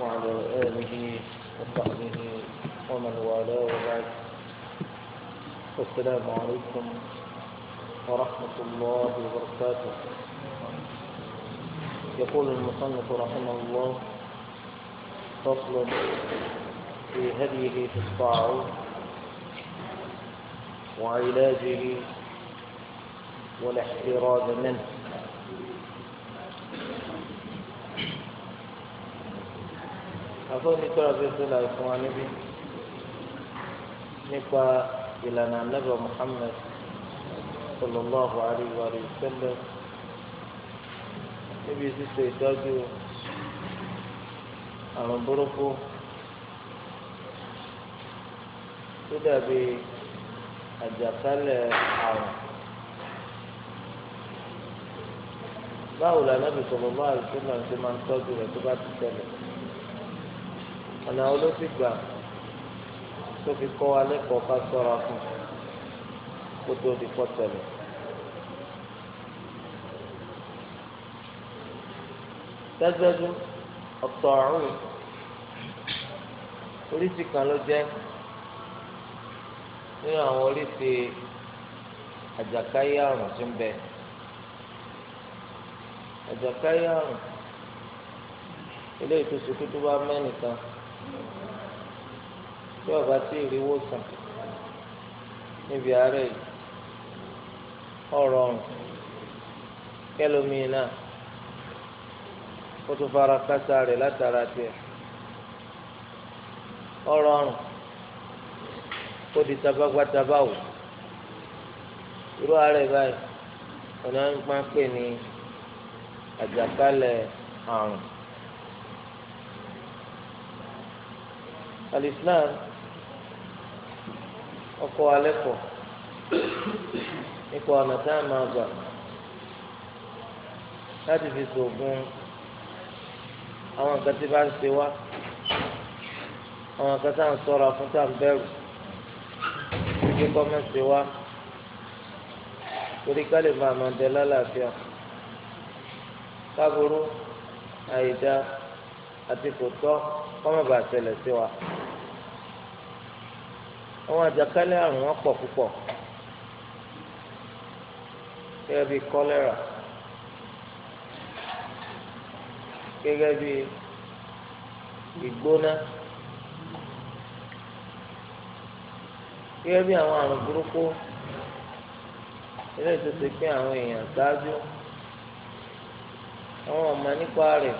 وعلى آله وصحبه ومن والاه وبعد والسلام عليكم ورحمة الله وبركاته يقول المصنف رحمه الله فصل في هديه في الطاعون وعلاجه والاحتراز منه àfọwọ́sí tọ́lá fi sílẹ̀ fún wa níbí nípa ìlànà anábẹ́ Muhammad sallallahu alayhi wa sallam níbi ṣíṣe ìtọ́jú àrùn burúkú tó dàbí àjàkálẹ̀ àrùn. báwo la nábì sallallahu alayhi wa ṣe máa ń tọ́jú rẹ̀ tó bá ti tẹ̀lé ọ̀nà olóṣìgbà tó fi kọ́ wa lẹ́kọ̀ọ́ ká sọ́ra fún kó tó di pọ́ tẹ̀lé. dájúdájú ọ̀tọ̀ ọ̀rùn oríṣi kan ló jẹ́ nínú àwọn oríṣi àjàkáyé àrùn tí ń bẹ àjàkáyé àrùn eléyìí tó ṣe kú bá mẹ́nìkan. tí ọba tí ìrìwò sàn níbi àárẹ̀ yìí ọ̀rọ̀ ọ̀rùn kẹlòmíì náà kó tó fara kásá rẹ̀ látara tiẹ̀ ọ̀rọ̀ ọ̀rùn kó di tabagbátaba wò irú àárẹ̀ báyìí ọ̀nà ń pa pè ní àjàkálẹ̀ àrùn. alislam ọkọ alẹ kọ nípa ọ̀nà tá a máa gbà láti fi sògùn àwọn nǹkan tí bá ń ṣe wá àwọn nǹkan tá à ń sọ̀rọ̀ fún tá à ń bẹ̀rù kí kọ́ máa ṣe wá torí ká lè máa máa dẹ lálàáfíà káàbùrú àìdá àti kò tọ́. kọ́mọ̀ bá ṣẹlẹ̀ sí wa. àwọn àjàkálẹ̀ àrùn wọn pọ̀ púpọ̀ gẹ́gẹ́ bíi kọ́lẹ́rà gẹ́gẹ́ bí ìgbóná gẹ́gẹ́ bí àwọn àrùn burúkú ilé ìtòsí pé àwọn èèyàn ṣáájú àwọn ọ̀mà nípa rẹ̀.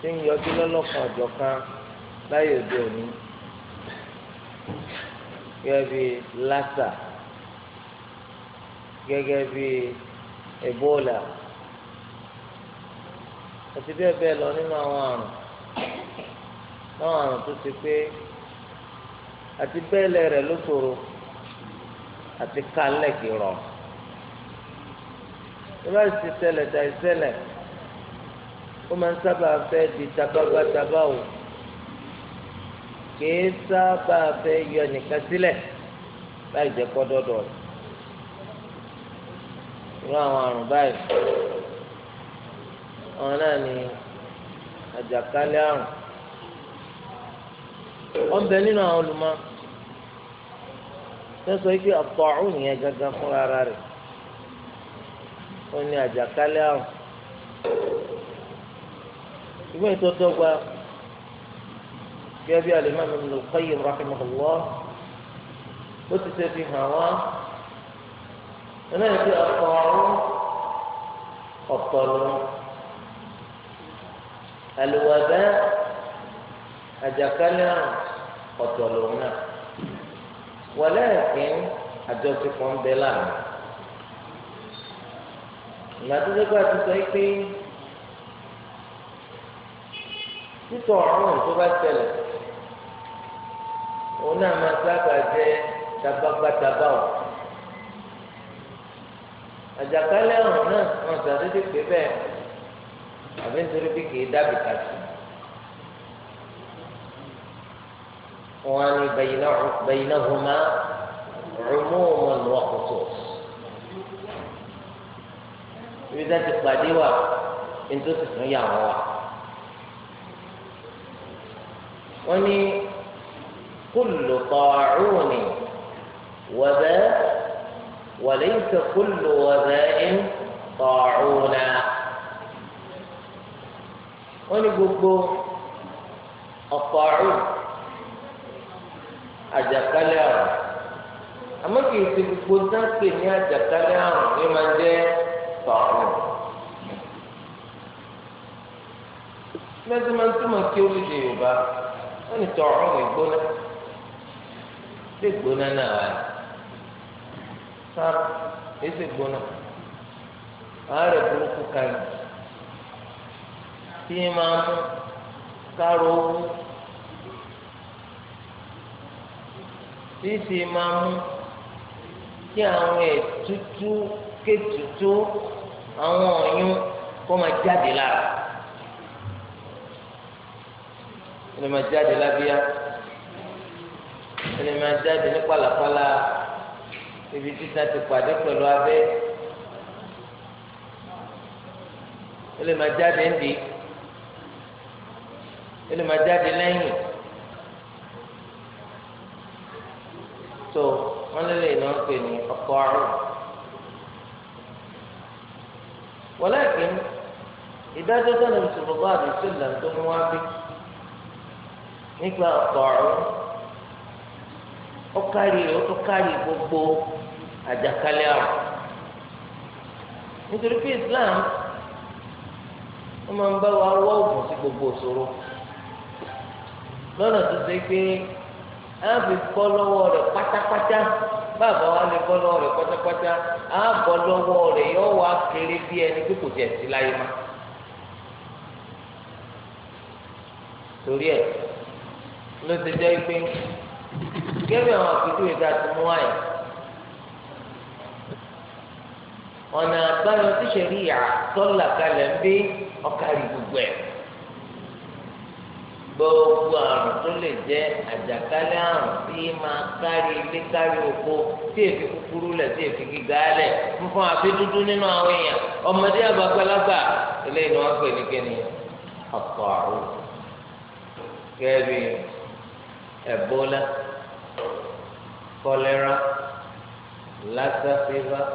tí ń yọjú lọ́lọ́kan ọ̀jọ̀kan láyé òde òní gẹ́gẹ́ bí lásà gẹ́gẹ́ bí ebola àti bẹ́ẹ̀ bẹ́ẹ̀ lọ nínú àwọn àrùn náà àrùn tó ti pé àti bẹ́ẹ̀lẹ̀ rẹ̀ ló ṣòro àti kálẹ̀ kìrọ̀ ìbáṣe ti ṣẹlẹ̀ tàì ṣẹlẹ̀ ó máa ń sábà fẹ́ di tabábátabá o kìí sábà fẹ́ yọ nìkan sílẹ̀ láì jẹ́ kọ́ dọ́dọ̀ rẹ̀ irú àwọn àrùn báyìí wọn náà ní àjàkálẹ̀ àrùn wọn bẹ nínú àwọn olùmọ̀ tó sọ pé ọ̀pọ̀ ọ̀hún yẹn gangan fúnra rẹ̀ ó ní àjàkálẹ̀ àrùn ìwé ìtọ́dọ́gba gẹ́gẹ́ bí alimami Ibn al-Qayyim rahimahullah ó ti ṣe fi hàn wá ẹlẹ́yìn tí ọkọ̀ ọ̀rọ̀ ọ̀pọ̀ lọ àlùwàdá àjàkálẹ̀ ọ̀tọ̀ lòun náà wọlé ẹ̀kín àjọṣepọ̀ ń bẹ láàrin ìgbà tó dé gbà tó sọ pé títọ̀ ọ̀run tó bá tẹ̀lẹ̀ òun náà máa sábà jẹ́ tabagbátaba ọ̀ àjàkálẹ̀ ọ̀run náà wọn sàdédé pé bẹ́ẹ̀ àbí nítorí pé kì í dábì kàtó wọn á ní bẹ̀yìnàhùnmá rùmùmùn wọ́kùtù ibi tá ti pàdé wà ní tó sì tún yà wọ́n wà. wọ́n ní kúlù tọ́ọ̀rùn wọ́dẹ́ wọ́lẹ́ ìṣe kúlù wọ́dẹ́ ń tọ́ọ̀rùn náà wọ́n ní gbogbo ọ̀tọ̀ọ̀rùn àjàkálẹ̀ àrùn àmọ́ kì í ṣe gbogbo dáńpé ní àjàkálẹ̀ àrùn ní máa jẹ́ tọ̀ọ̀rùn. mẹ́tí máa ń túmọ̀ wọ́n ní tọ ọ̀rùn ìgbóná lè gbóná náà wà sára èsì gbóná àárẹ̀ burúkú kan tí máa mú kárò owó tí máa mú kí àwọn ètùtù kétùtù àwọn ọ̀yún kó máa jáde lára. ó lè máa jáde lábíyá ó lè máa jáde ní pàlàpàlà ibi títa ti pàdé pẹ̀lú abẹ́ ó lè máa jáde ń di ó lè máa jáde lẹ́yìn tó wọ́n lè lè náà pè ní ọkọ̀ àrùn wọ́n lẹ́kìn ìdájọ́ sọ́nà ìṣòro bá àdìsílẹ̀ tó mú wá bí. nípa ọ̀rọ̀ ó kárí ó tó kárí gbogbo àjàkálẹ̀ àrùn nítorí pé Islam wọ́n máa ń bá wa wá òògùn sí gbogbo òṣòro lọ́nà tó ṣe pé á fi bọ́ lọ́wọ́ rẹ̀ pátápátá bàbá wa lè bọ́ lọ́wọ́ rẹ̀ pátápátá á bọ́ lọ́wọ́ rẹ̀ yọ wá kéré bí ẹni pé kò tiẹ̀ sí láyé má. torí ẹ̀ ló ti jẹ́ pé gẹ́gẹ́ àwọn àpèjúwe tá a ti mú àyè ọ̀nà àgbáyọ tí sẹ̀ríyà tọ́lá kalẹ̀ ń bí ọ̀kàrí gbogbo ẹ̀ gbogbo àrùn tó lè jẹ́ àjàkálẹ̀ àrùn tí máa kárí ilé kárí oko tí èfi kúkúrú lẹ̀ tí èfi gíga lẹ̀ ń fún àfi dúdú nínú àwọn èèyàn ọmọdé àgbàgbàlagbà eléyìí ni wọ́n pè ní àrùn kẹ́ẹ̀bí. Ebola, cholera, Lassa fever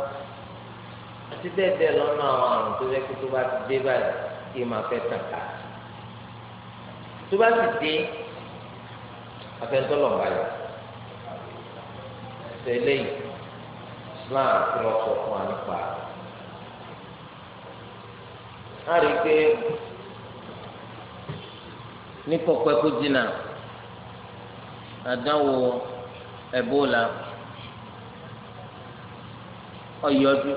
àti bẹ́ẹ̀ bẹ́ẹ̀ lọ́nà àwọn àrùn tó yẹ kó tó bá ti dé báyìí kí máa fẹ́ tàn ká tó bá ti dé afẹ́ntọ́lọ̀ báyìí tẹ́lẹ̀ yìí Islam ti lọ sọ fún wa nípa a rí i pé ní kọ̀pẹ́ kó jìnnà. adawo ebola ọ̀yọ́dú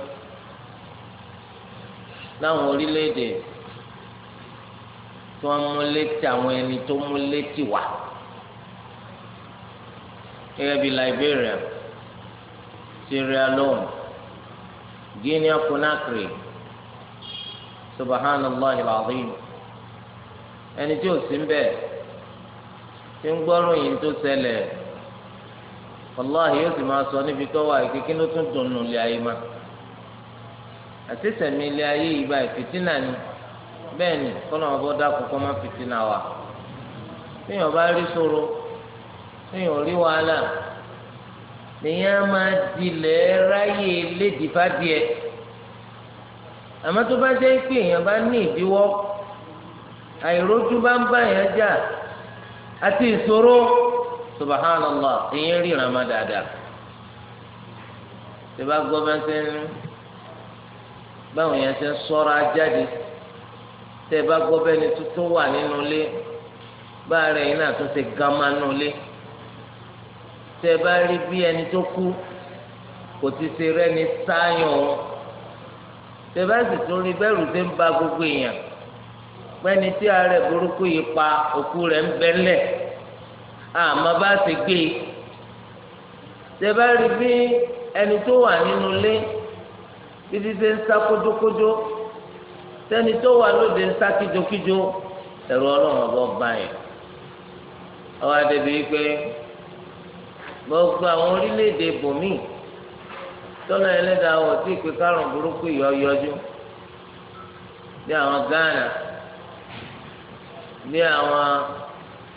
láwọn orílẹ̀-èdè tí wọ́n mú létí àwọn ẹni tó mú létí wá gẹ́gẹ́ Liberia Sierra Leone Guinea Conakry allah ilaahi ẹni tí ṣé ń gbọ́rọ̀ yìí tó ṣẹlẹ̀ wàláhì yóò sì máa sọ níbi tó wà ló tún dùn nù lé ayé ma àti sẹ̀mí ayé yìí ni bẹ́ẹ̀ ni kọ́nà ọbọ̀ dákun kọ́ má fìtínà wà téèyàn bá rí ṣòro téèyàn rí wàhálà nìyẹn máa dilẹ̀ ráyè lédìfádìẹ àmọ́ tó bá jẹ́ pé èèyàn bá ní ìdíwọ́ àìrójú bá ń jà àti ìṣòro subahánàlá èyí ń ríran má dáadáa tí bá gbọ́ bá ń ṣe ń báwọn yẹn ṣe ń sọ́ra jáde tẹ́ bá gbọ́ bẹ́ni tuntun wà nínú ilé bá rẹ̀ yìí náà tún ṣe gama nínú ilé tẹ́ bá rí bí ẹni tó kú kò ti ṣe rẹ́ni sáyàn o bá sì tún rí bẹ́rù ṣe ń ba gbogbo èèyàn pẹ́ni tí àárẹ̀ burúkú yìí pa òkú rẹ̀ ń bẹ́lẹ̀ àmọ́ bá ti gbé e ṣe bá rí bí ẹni tó wà nínú ilé títí ṣe ń sá kójókójó sẹ́ni tó wà lóde ń sá kíjokíjo ẹ̀rọ ọlọ́run ọ̀bọ bá yẹn ọwọ́ adébí pé gbogbo àwọn orílẹ̀-èdè tọ́lá ẹlẹ́dàá wọ̀ tí ìpè karùn-ún burúkú yọ yọjú bí àwọn Ghana bí àwọn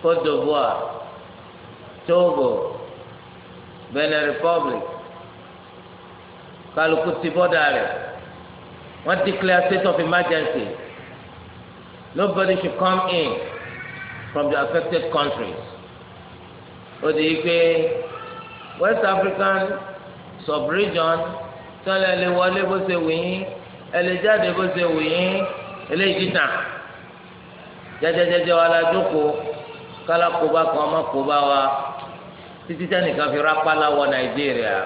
Côte d'Ivoire Togo Benin Republic kálukú ti bọ́dà rẹ̀ wọ́n declare state of emergency nobody should come in from the affected countries ó di pé West African sub-region tọ́lẹ̀ lè wọlé bó ṣe wù yín ẹ lè jáde bó ṣe wù yín eléyìí dìtàn jẹjẹjẹjẹ wa la jókòó kala koba kan ọmọ koba wa títí sẹ́nìkan fi rápálá wọ nàìjíríà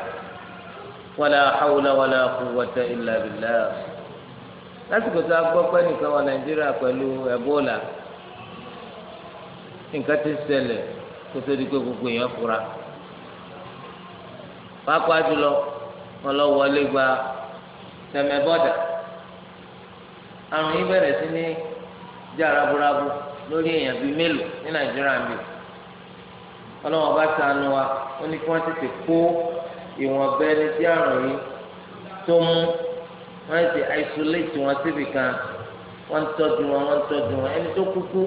wàlà hawla wàlà quwwata illa billah lásìkò tó a gbọ́ pé nìkan wọ nàìjíríà pẹ̀lú ẹ̀bólà nǹkan ti ṣẹlẹ̀ kótó di pé gbogbo èèyàn fura pápá jùlọ wọn lọ wọlé gba tẹmẹ bọ́dà àrùn yìí bẹ̀rẹ̀ sí ní já raburabu lórí èèyàn bíi mélòó ní nàìjíríà mi ọlọ́wọ́n bá sànù wa ó ní kí wọ́n tètè kó ìwọ̀n bẹ́ẹ̀ ní tí àrùn yìí tó mú wọ́n ti isolate wọn síbi kan wọ́n ń tọ́jú wọn wọ́n ń tọ́jú wọn ẹni tó kúkú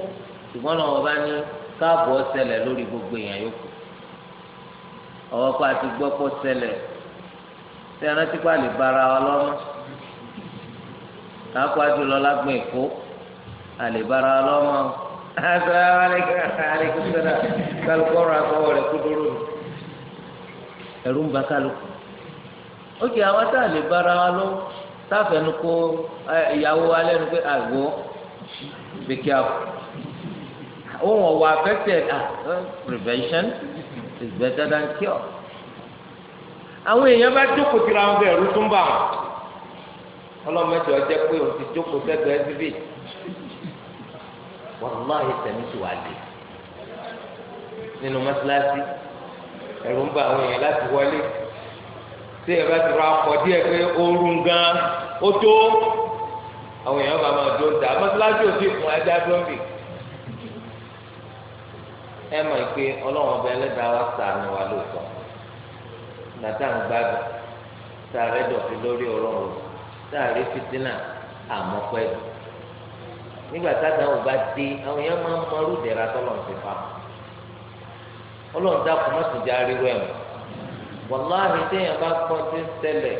ṣùgbọ́n náà wọ́n bá ní káàbọ̀ ṣẹlẹ̀ lórí gbogbo èèyàn yòókù ọwọ́ pa àti gbọ́pọ̀ ṣẹlẹ̀ tí a rántí pa bára wa lọ́mọ àti lọ́lá gbọ́n èkó àlèbára lọ́mọ asalamu aleykum sọlá kálukú ọ̀rọ̀ akọwọ rẹ kúndúrú ni ẹrú ń ba kálukú ókè àwọn tá a lè bára wa lọ sáfẹnu kó ìyàwó affected ah prevention is better than cure àwọn èèyàn bá jókòó tira wọn bẹ́ẹ̀ ẹrú tún ọlọmọdé ọjọ pé òun ti jókòó sẹ́gbẹ̀ẹ́ síbí. والله سميت ti wà lé nínú mọ́sálásí ẹ̀rù ń ba àwọn èèyàn láti wọlé tí ẹ bá ti rọ akọ díẹ̀ pé oorun gan ó tó àwọn èèyàn bá máa dóńtà mọ́sálásí ò sí fún ẹja dóńbì ẹ mọ̀ pé ọlọ́run ọba ẹlẹ́dàá wa ṣàánú wa lóòótọ́ nàtà ń gbádùn sàrẹ́dọ̀fin lórí ọ̀rọ̀ rẹ̀ sàrẹ́ àmọ́pẹ́dùn nígbà táwọn àwọn bá dé àwọn yẹn máa ń mọrú dẹ̀ra tọ́lọ́run ti fa ọlọ́run dákun má tún jẹ́ ariwo ẹ̀ wàláhì téèyàn bá gbọ́ tí ń ṣẹlẹ̀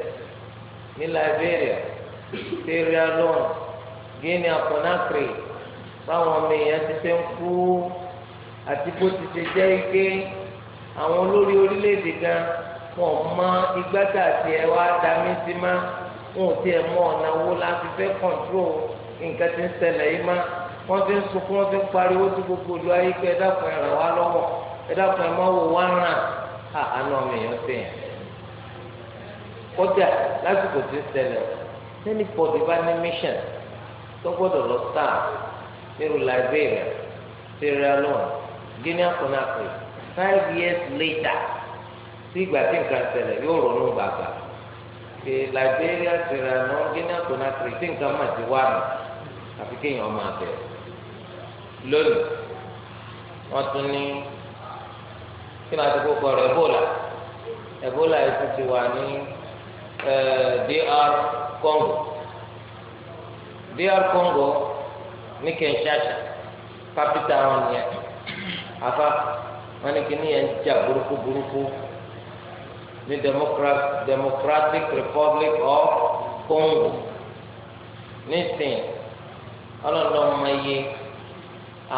ní Liberia Sierra Leone Guinea Conakry báwọn ọmọ èèyàn ti ṣe ń kú àti bó ti ṣe jẹ́ ike àwọn olórí orílẹ̀-èdè gan wọn mọ igbá tàbí wá dá sí má wọn ò tiẹ̀ mọ ọ̀nà wo la fẹ́ kọ̀ǹtró nǹkan ti ń ṣẹlẹ̀ yìí má wọ́n ti ń sunkún wọ́n ti ń pariwo tí gbogbo ìlú ayé pé ẹ dákun ẹ ràn wá lọ́wọ́ ẹ dákun ẹ má wò wá ràn á àánú ọmọ èèyàn sèyàn kódà lásìkò tí ń ṣẹlẹ̀ sẹ́ni pọ̀dù bá ní mission tó gbọ́dọ̀ lọ sáà nílùú Liberia Sierra Leone Guinea Conakry five years later sí ìgbà tí nǹkan ṣẹlẹ̀ yóò ronú gbàgbà ṣe Liberia Sierra Leone Guinea Conakry tí nǹkan mà ti wà nù àfi kéèyàn máa bẹ̀rẹ̀ lónìí wọ́n tún ní kí ni àti kókó rẹ̀ ebola ebola yìí ti wà ní eh, DR Congo DR Congo ní Kinshasa kápítà wọn yẹn afa wọn ní kí ni yẹn jà burúkú burúkú ní Democratic Republic of Congo nísìnyí ọlọ́lọ́mọ yẹ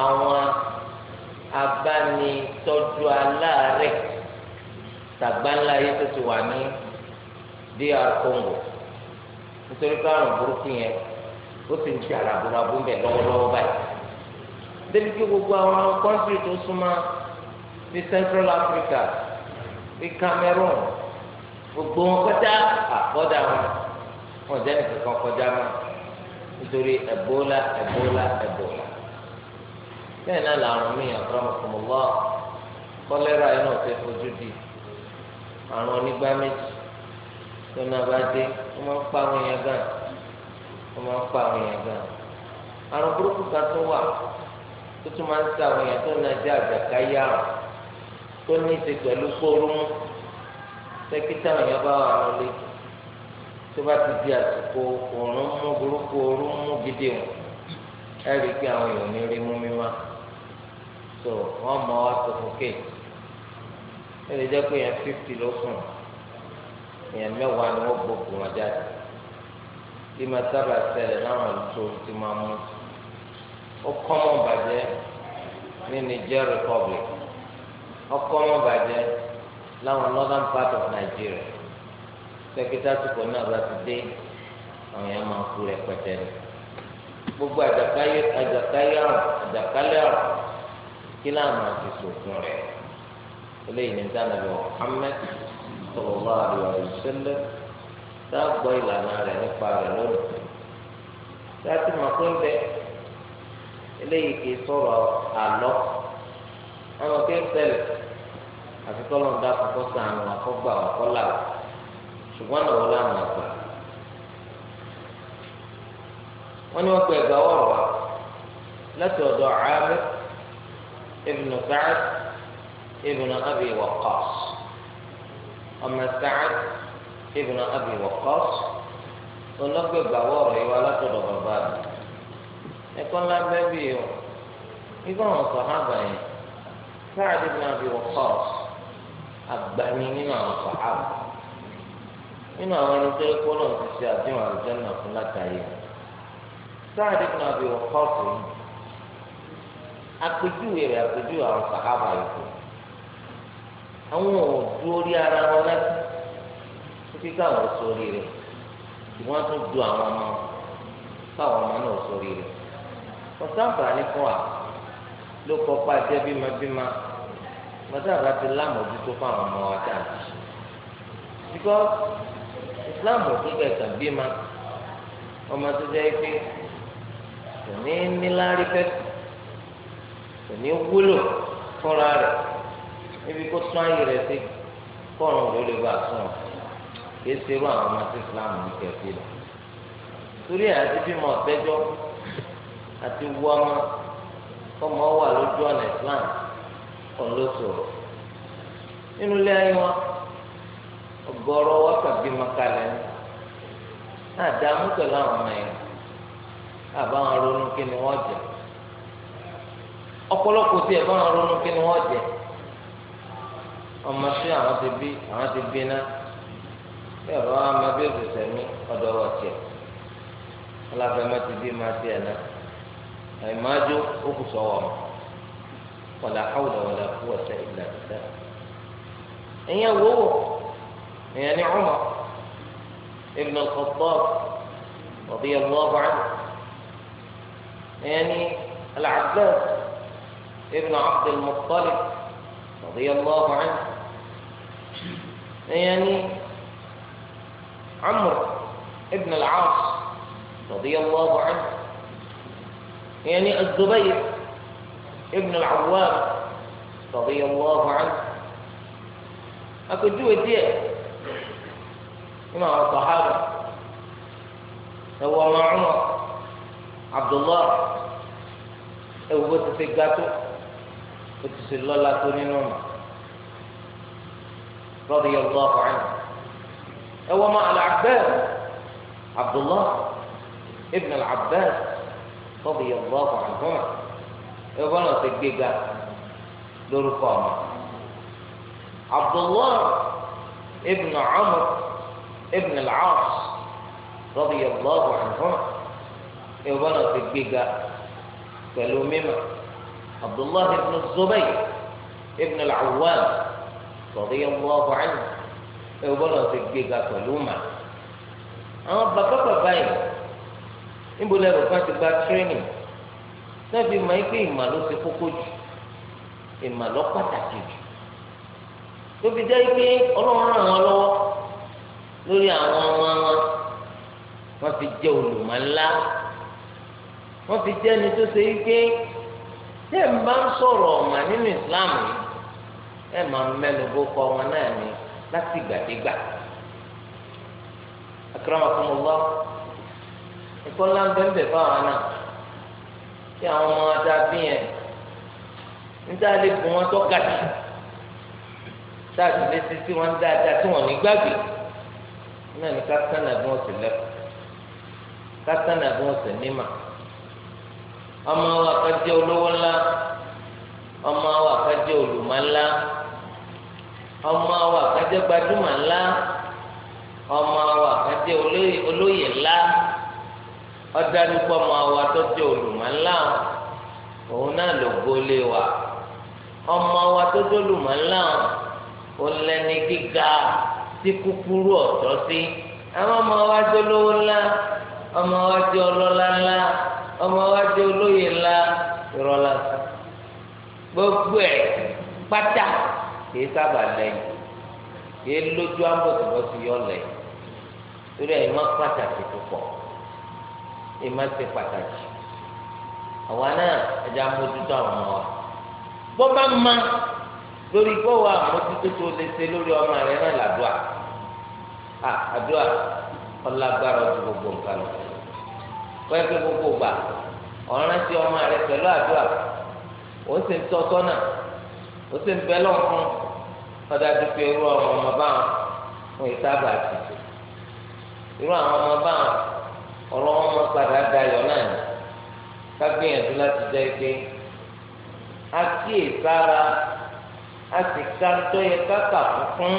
àwọn abánitọ́jú aláàárẹ̀ tàgbáńlá yìí tó ti wà ní DR Congo nítorí káàrùn burúkú yẹn ó sì ń ti àràbùràbù ń bẹ lọ́wọ́lọ́wọ́ báyìí débi kí gbogbo àwọn kọ́ńtì tó súnmọ́ ní Central Africa ní Cameroon gbogbo wọn kọjá àkọ́dà wọn wọn jẹ́ nìkan kọjá náà. nítorí ẹ̀bólà ẹ̀bólà ẹ̀bólà bẹ́ẹ̀ náà làrùn mí àkọ́rọ́mọkùnmọ́ kọ́lẹ́rà yìí náà fẹ́ fojú di àrùn onígbá méjì tó náà bá dé wọ́n máa ń pa àwọn èèyàn gan wọ́n máa ń pa àwọn èèyàn gan àrùn burúkú kan tó wà tó tún máa ń sa àwọn èèyàn tó náà jẹ́ tó bá ti di àsìkò òórùn mú burúkú òórùn mú gidi wọn ẹ rí i pé àwọn èèyàn ní rí mú mímá so wọn mọ wá suffocate ẹ lè jẹ pé èèyàn fifty ló sùn èèyàn mẹ́wàá ni wọ́n gbogbo wọn jáde bí máa sábà ṣẹlẹ̀ láwọn àlùtò ti máa mú ó kọ́ mọ́ bàjẹ́ ní Niger Republic ó kọ́ mọ́ bàjẹ́ láwọn northern part of Nigeria sẹkítà tukọ̀ náà bá ti dé àwọn yẹn máa kú rẹpẹtẹ ni gbogbo àjàkáyé àjàkáyé àrùn àjàkálẹ̀ àrùn kí náà máa ti sòkun rẹ̀ eléyìí ní sáà nàbẹ̀ Muhammad sallallahu alaihi wasallam dáàgbọ́ ìlànà rẹ̀ nípa rẹ̀ lónìí láti mọ̀ pé bẹ́ẹ̀ eléyìí kì í sọ̀rọ̀ àlọ́ ọmọ kéńtẹ́lẹ̀ àfikọ́ lọ́nà dáàbò kó sàn àwọn akọ́gbà wà kọ́ làwọn ṣùgbọ́n náà wọ́n láwọn àgbà wọ́n ní wọ́n pe ẹ̀gbà ọ̀rọ̀ wa láti ọ̀dọ̀ Amir ibn Sa'ad ibn Abi Waqqas ọmọ Sa'ad ibn Abi Waqqas ọlọ́gbẹ̀gbà ọ̀rọ̀ yìí wa láti ọ̀dọ̀ bàbá rẹ̀ ẹ̀kọ́ ńlá bẹ́ẹ̀ bí o nígbà wọn sàhábà yẹn Sa'ad ibn Abi Waqqas àgbà ni nínú àwọn sàhábà nínú àwọn ẹni tó kó náà ti ṣe àdéhùn àlùjànnà fún látàrí rẹ̀ sáà dípò àbí ọkọọtù yìí àpèjúwe rẹ̀ àpèjúwe àwọn sàhábà yòókù àwọn ò dúró rí ara wọn láti títí káwọn sórí rẹ̀ tí wọ́n tún du àwọn ọmọ káwọn ọmọ náà sórí rẹ̀ ọ̀sánfà ní fún wa ló kọ́pá jẹ́ bímabíma mọ́tàbá ti lámòójútó fáwọn ọmọ wa dáàbò islam ò tún kẹsà bí ma ọmọ tó jẹ́ pé kò ní níláárí fẹ́sì kò ní wúlò fúnra rẹ̀ níbi kó tún ayé rẹ̀ sí kọ́ọ̀rùn ló lè bá sùn kì í ṣe irú àwọn ọmọ tó islam ní kẹsì lọ torí ẹ̀ àti bímọ ọ̀tẹ́jọ́ àti wú ọmọ kọ́mọ wà lójú ọ̀nà islam kọ́ ló sọ̀rọ̀ nínú ilé ayé wọn. ọgọrọ wákàtí makalẹ àdààmú pẹ̀lú àwọn ọmọ yẹn àbáwọn ronú kí ni wọn jẹ ọ̀pọ̀lọpọ̀ tí ẹ báwọn ronú kí ni wọn jẹ ọmọ sí àwọn ti bí àwọn ti bí ná bí ọ̀rọ̀ wa máa bí oṣù sẹmí ọ̀dọ̀ wọ tiẹ alábẹmọ ti bí máa tiẹ ó kù kú ọsẹ àwòwò. يعني عمر ابن الخطاب رضي الله عنه يعني العباس ابن عبد المطلب رضي الله عنه يعني عمرو ابن العاص رضي الله عنه يعني الزبير ابن العوام رضي الله عنه جوه ديه ومع الصحابة هو مع عمر عبد الله أو بس في جاتو بس الله تنينهم رضي الله عنه هو مع العباس عبد الله ابن العباس رضي الله عنهما هو أنا في جاتو عبد الله ابن عمر ibn al-As radiyallahu anhum ìwọ́nà ti gbéga pẹ̀lú mímọ́ abdullahi ibn zubayr ibn al-Awwam radiyallahu anhu ìwọ́nà ti gbéga pẹ̀lú mà àwọn bàbá bàbá yìí níbo lẹ́rù kan ti gba tírénìn náà fi mọ̀ ike ìmọ̀ ló ṣe kókó jù ìmọ̀ ló pàtàkì jù tóbi jẹ́ ike ọlọ́run ràn wọ́n lọ́wọ́. lórí àwọn ọmọ wọn wọ́n fi jẹ́ olùmọ̀ ńlá wọ́n fi jẹ́ ẹni tó ṣe wípé tẹ́ ń bá ń sọ̀rọ̀ ọ̀mà nínú Islam yìí ẹ máa mẹ́nu bó kọ́ wọn náà ni láti ìgbàdégbà akramakumullah ẹ̀kọ́ ńlá ń bẹ́ẹ̀ bẹ́ẹ̀ báwa náà tí àwọn ọmọ adá bí yẹn níta lè bù wọn tó gàdí táàtì lè ti tí wọn dáadáa tí wọn ní gbàgbé. náà ní kásánà bí wọ́n sì lẹ́kọ̀ọ́ kásánà bí wọ́n sì nímà ọmọ wa ká jẹ́ olówó ńlá ọmọ wa ká jẹ́ olùmọ̀ ńlá ọmọ wa ká jẹ́ gbajúmọ̀ ńlá ọmọ wa ká jẹ́ olóyè ńlá ọdádúpọ̀ ọmọ wa tó jẹ́ olùmọ̀ ńlá òun náà ló gbólé wa ọmọ wa tó olùmọ̀ ńlá òun lẹ́ni gíga sí kúkúrú ọ̀tọ̀ sí àwọn ọmọ wa jẹ olówó ńlá ọmọ wa jẹ ọlọ́lá ńlá ọmọ wa jẹ olóyè ńlá ìrọ̀lá gbogbo ẹ̀ pátá kìí sábà lẹ́yìn kìí lójú àbọ̀tìbọ̀tì yọ lẹ́yìn torí ẹ̀ má pàtàkì púpọ̀ ẹ̀ má ṣe pàtàkì àwa náà ẹ̀dá mójútó àwọn ọmọ wa bọ́ bá ma lórí gbọ́wọ́ àmójútó tó lè ṣe lórí ọmọ rẹ náà làdúà à àdúà ọlágbára ju gbogbo nǹkan lọ wọ́n fi gbogbo gbà ọ̀ràn ti ọmọ rẹ pẹ̀lú àdúà ó sì ń tọ́ sọ́nà ó sì ń bẹ́ lọ́kùn ọ̀dájú pé irú ọmọ ọmọ báwọn fún ìsábà ti irú àwọn ọmọ báwọn ọ̀rọ̀ wọn mọ padà dayọ̀ náà ni ká gbìyànjú láti jẹ́ pé a kíyèsára. asi ká tó yẹ káka fún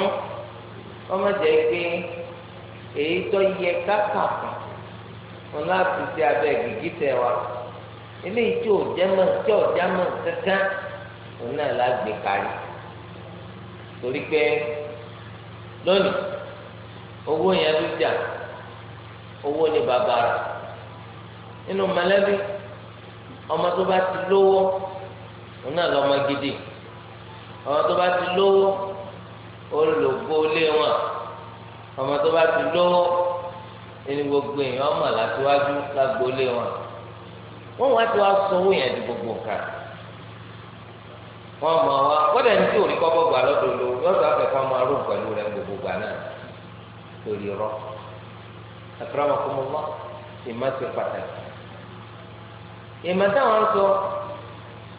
ọmọ jẹ pé èyí tó yẹ káka fún wọn láti ṣe abẹ gègé tẹ wa eléyìí tí ò jẹmọ́ tí ò kankan náà la gbé torí pé lónìí owó yẹn ló dza owó ni bàbá rà nínú mọ̀lẹ́bí ọmọ tó bá ti lówó náà gidi. ọmọ tó bá ti lówó olùkó lé wọn ọmọ tó bá ti lówó ẹni gbogbo èèyàn ọmọ làtiwájú lágbo lé wọn wọn wá ti wá sanwó yẹn di gbogbo nǹkan wọn mọ wa kọ́dà ní tí ò ní kọ́ bọ́ gbà lọ́dọ̀ lò lọ́sọ̀ afẹ́kọ́ máa rò pẹ̀lú rẹ̀ gbogbo gbà náà torí rọ akramakumullah ìmọ̀ ti pàtàkì ìmọ̀ táwọn sọ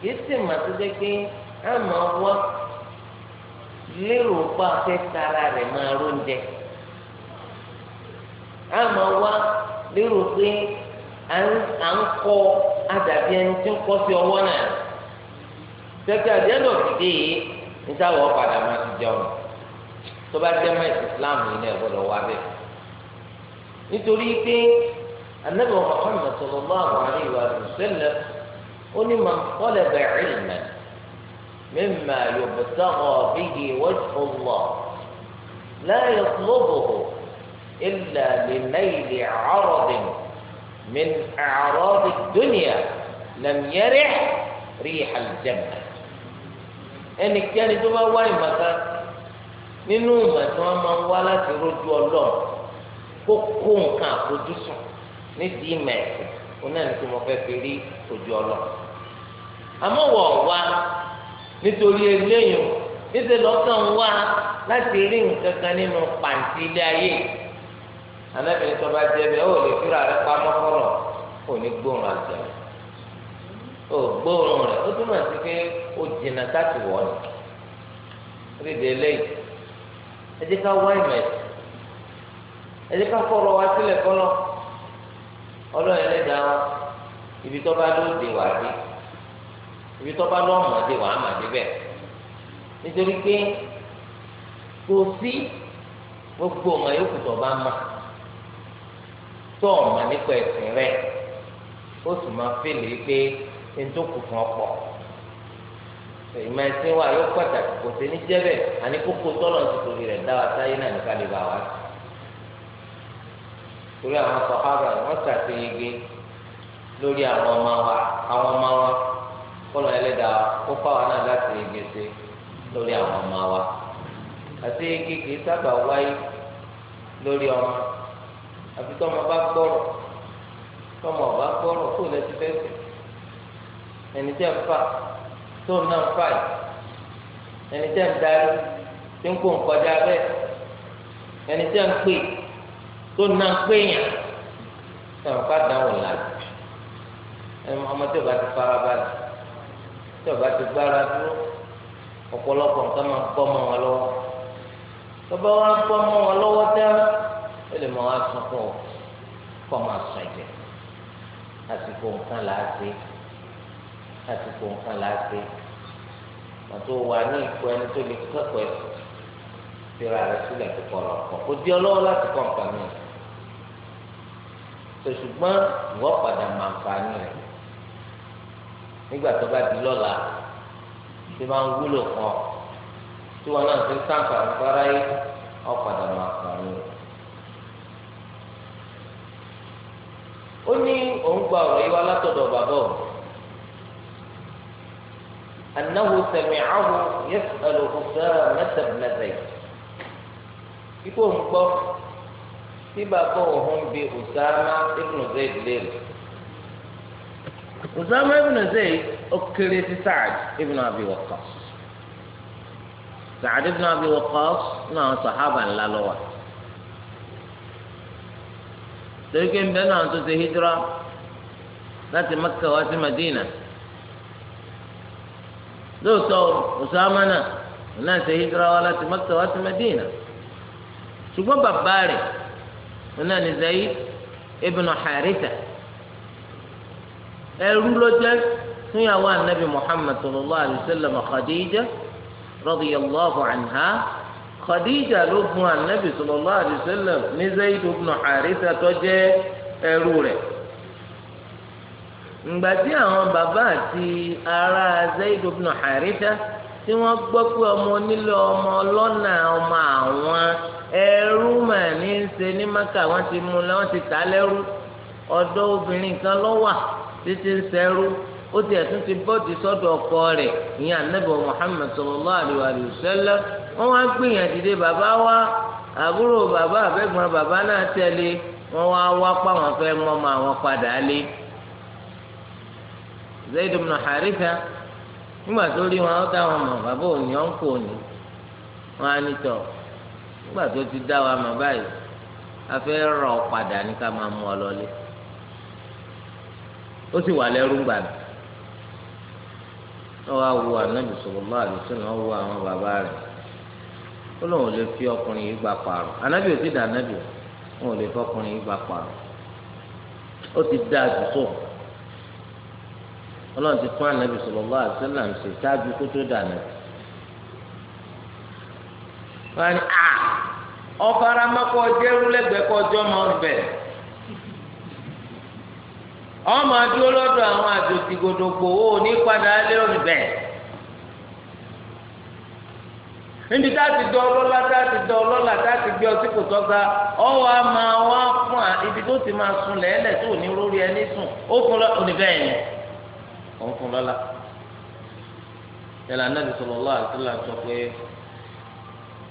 kì sì mà dé pé á máa wá lérò pa fẹ́ tara rẹ̀ máa róúnjẹ á máa wá lérò pé à ń kọ́ àdàbí ẹni tí ń kọ́ sí ọwọ́ náà tẹ́tẹ́ àdéhùn òdìdé yìí níta wọ́n padà máa ti jẹun tó bá jẹ́ mọ́ ìsìlámù yìí náà gbọ́dọ̀ wá bẹ́ẹ̀ nítorí pé anábì Muhammad sallallahu alaihi wa sallam ó ní man talaba ilman. مما يبتغى به وجه الله لا يطلبه إلا لنيل عرض من أعراض الدنيا لم يرح ريح الجنة ẹnikẹ́ni tó bá wá ìmọ̀ká nínú ìmọ̀ tí wọ́n máa ń wá láti rójú ọlọ́run kó kó nǹkan àfojúsùn nídìí ìmọ̀ ẹ̀sìn onáà ní kí mo fẹ́ fi rí ojú ọlọ́run àmọ́ wọ̀ wá nítorí eléyìí níṣẹ́ lọ́kàn wá láti rí nǹkan kan nínú pàǹtí ilé ayé anábìrin tó bá jẹ bẹ́ẹ̀ ó lè fúra rẹ pamọ́ fọ́lọ̀ ó ní gbóòórùn àjẹ́ ó gbóòórùn rẹ̀ ó túmọ̀ sí pé ó jìnnà káàtì ká wá ìmọ̀ ẹ̀sìn ká wá sílẹ̀ ibi tó bá lóde wà ibi tó bá lọ́ mọ̀ọ́dé wàá mà débẹ̀ nítorí pé kò sí gbogbo ọmọ yòókù tó bá mà tó ọmọ nípa ẹ̀sìn rẹ̀ ó sì máa fèlè pé ẹni fún ọ̀pọ̀ ìmọ̀ ẹ̀sìn wa yóò pàtàkì kò sí ní jẹ́bẹ̀ àní kókó tọ́lọ̀ ti rẹ̀ kọlọ ẹlẹ́dàá kó fáwọn náà láti gèsè lórí àwọn ọmọ wa àti kékeré sábà wáyé lórí ọmọ àfi tọmọ bá gbọ́rọ̀ tọmọ bá gbọ́rọ̀ kó lẹsí fẹsẹ̀ ẹni tẹ ń fà tó ń náà fà yìí ẹni tẹ ń darí tí ń kó nkọjá bẹ́ẹ̀ ẹni tẹ ń pè tó ń náà pè yàn ẹ wọn ká dáhùn láti ẹ ọmọ tó bá ti fara balẹ̀ tí ọba ti gbára dúró ọ̀pọ̀lọpọ̀ nǹkan máa gbọ́ mọ́ wọn lọ́wọ́ tọ́ba wa gbọ́ mọ́ wọn lọ́wọ́ tẹ́ ó lè mọ wá sùn fún ọ kọ́ máa sùn ẹ̀jẹ̀ àsìkò nǹkan là á ṣe àsìkò nǹkan là á ṣe àti wà ní ipò ẹni tó lè kẹ́kọ̀ọ́ ẹ̀sìn fira rẹ sílẹ̀ tó kọ̀ lọ́kọ̀ kò di ọlọ́wọ́ láti kọ́ nǹkan mìíràn ṣùgbọ́n ìwọ́ padà máa ń fa ní rẹ̀ nígbà tó bá di lọ́la tí wọ́n wúlò kan tí wọ́n náà fi sáǹfààní fáráyé ọ̀padà máa pààrọ̀ rẹ̀. ó ní òun gba ọ̀rọ̀ yìí wá látọ̀dọ̀ bàbá òun. أنه سمعه يسأل أسامة بن زيد يقول مقر سبب هم بأسامة بن زيد ليلة Usama ibn Zayd ó kéré sí Sa'ad ibn Abi Waqqas Sa'ad ibn Abi Waqqas náà sàhábà ńlá lọ́wọ́ torí pé nbẹ náà tó ṣe hijira láti Makka wá sí Madina lóòótọ́ Usama náà náà ṣe hijira wá láti Makka wá sí Madina ṣùgbọ́n bàbá rẹ̀ náà ní Zayd ibn Haritha. ẹrú ló jẹ́ fún anabi muhammad sallallahu alayhi wa sallam khadija radiyallahu anha khadija ló gun anabi sallallahu alayhi wa sallam ní zayd ibn haritha tó jẹ́ ẹrú rẹ̀ ngbàtí àwọn bàbá àti ará zayd ibn haritha tí wọ́n gbọ́ pé ọmọ onílé ọmọ ọlọ́nà ọmọ àwọn ẹrú mà ní í ṣe ní maka wọ́n ti mú un lọ kan títí ń sẹ́rú ó ti ẹ̀tún ti bọ́ọ̀dì sọ́dọ̀ ọkọ rẹ̀ ìyẹn anabi muhammed sallallahu alayhi wa sallam wọ́n wá bàbá wa àbúrò bàbá àbẹ́gbọ́n bàbá náà tẹ̀lé wọ́n wá wá pa wọn fẹ́ mọ́mọ́ àwọn padà lé zayd ibn haritha nígbà tó rí wọn ó dá wọn mọ̀ bàbá òní òní wọn ó sì wà lẹ́rú gbà mí wọ́n wá wo ànábì sallallahu alaihi wasallam wọ́n wo àwọn bàbá rẹ̀ ó lóun lè fi ọkùnrin yìí gba pààrọ̀ ànábì ò ti dà ànábì wọn ò lè fọkùnrin yìí gba pààrọ̀ ó ti dá àdúgbò ọlọ́run ti fún ànábì sallallahu alaihi wasallam ṣe ṣáájú kó tó dà ànábì wọ́n á ní à ọ̀faramọ́kọ̀ jẹ́rú lẹ́gbẹ̀ẹ́ kọjọ́ mọ́ bẹ́ẹ̀. ọmọ adúró lọ́dọ̀ àwọn àjòjì gbòdò ó ní padà lé òní bẹ́ẹ̀. níbi tá a ti dọ ọlọ́lá tá a ti dọ ọlọ́lá tá a ti gbé ọtí kò tọ́ka ọwọ́ a máa wá fún à ibi tó ti máa sun lẹ́lẹ̀ tó ní lórí ẹni sùn ó fún lọ òní bẹ́ẹ̀ ni ó fún lọ́lá. yàrá Ànábì sallallahu alaihi wasallam sọ pé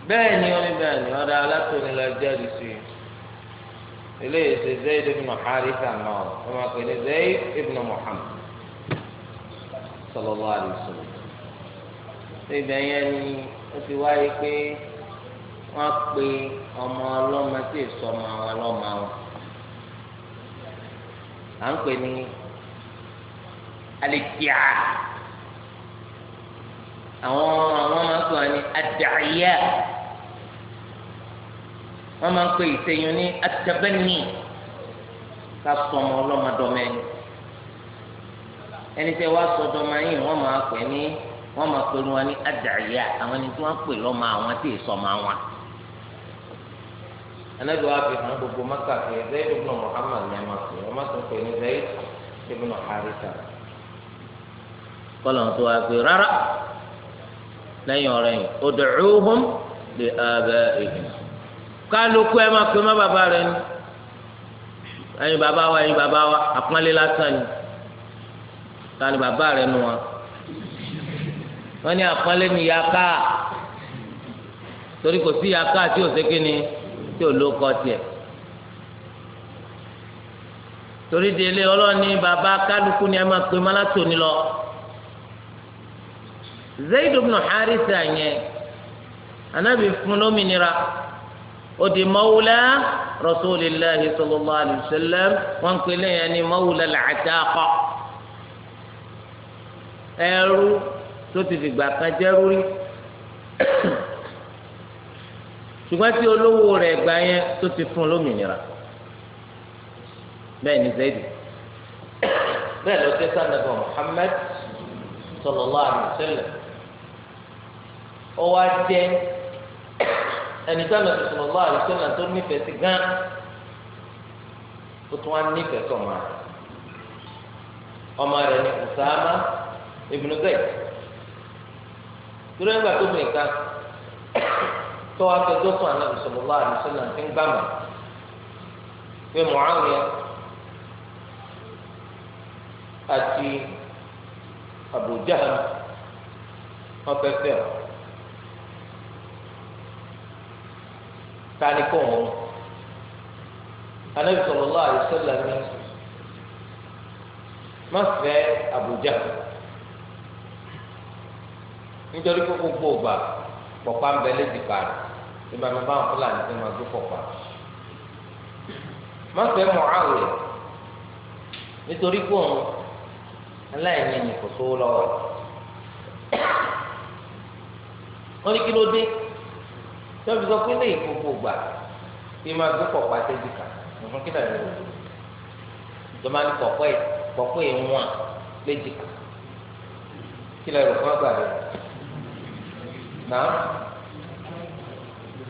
bẹ́ẹ̀ ni ó ní bẹ́ẹ̀ ni ọ̀dà alátòní la jẹ́rìí sí i. eléyìí ṣe zayd ibn haritha náà ẹ máa pè ní zayd ibn muhammad sallallahu alaihi wasallam ṣègbè yẹn ni ó ti wáyé pé wọ́n pe ọmọ ọlọ́mọ tí èso ọmọ àwọn ọlọ́mọ wọn à ń pè ní alìkíá àwọn àwọn máa ń pè wọn ní adàáyà wọn máa ń pe ìsẹyìn ní atẹbẹni ká sọmọ ọlọmọdọmẹni ẹni tẹ wá sọdọmọ yìí wọn máa pè ní wọn máa pè wọn ní adàyà àwọn ẹni tí wọn pè lọmọ àwọn tí ìsọmọ àwọn. anabi wa fi hàn gbogbo maka pé zayd ibn muhammad ni a máa pè wọn máa tún pè ní zayd ibn harisa. kọlọ̀ tó wá pé rárá lẹ́yìn ọ̀rẹ́yìn ud'uuhum li aabaa'ihim kálukú ẹ máa pe má bàbá rẹ ni ẹyin bàbá wa ẹyin bàbá wa àpọ́nlé lásán ni tani bàbá rẹ nu wa wọ́n ní àpọ́nlé ni yaka torí kò sí yaka tí o sékè ni tí o ló kọ tiẹ̀ torí délé ọlọ́ni bàbá kálukú ni ẹ máa pe má látòní lọ Zaid bin Haritha yẹn Ànábì fún lómìnira ó di mawula rasulillahi sallallahu alayhi wa sallam wọn pè lẹ́yìn ní mawula làtàkọ ẹrú tó ti fìgbà kan jẹ́rú rí ṣùgbọ́n tí olówó rẹ̀ gbà yẹn tó ti fún lómìnira bẹ́ẹ̀ ni zaidi bẹ́ẹ̀ ló dé sànàbọ muhammed sallallahu alayhi wa sallam ó wá ẹni tí a nàbì sọlọ lọ àlùsọ náà tó nífẹ̀ẹ́ sí gán ó tún wá nífẹ̀ẹ́ sọmọ rẹ ọmọ rẹ ní Usama ibn Zayd dúró nígbà tó bìnrin kan tó wá fẹ́ dókun ànàbì sọlọ lọ àlùsọ náà ti ń gbà mọ pé Muawiya àti Abu wọn fẹ́ fẹ́ ọ. tani kò wọn anabi sallallahu alaihi wasallam ni má Abuja nítorí pé gbogbo ògbà pọpá ń bẹ lédi parí ìgbà bá wọn fúlàní tó máa gbé pọpá má fẹ́ Muawiya nítorí pé aláìní kò tọ́bi sọ pé léyìn gbogbo gbà kí n máa gbé pọ̀pọ̀ àtẹ́jú kà nǹkan kí náà lè wò ó ìjọba ní pọ̀pọ̀ yìí pọ̀pọ̀ yìí ń wọ̀n léjì kà kí náà lè fún àgbà rẹ̀ náà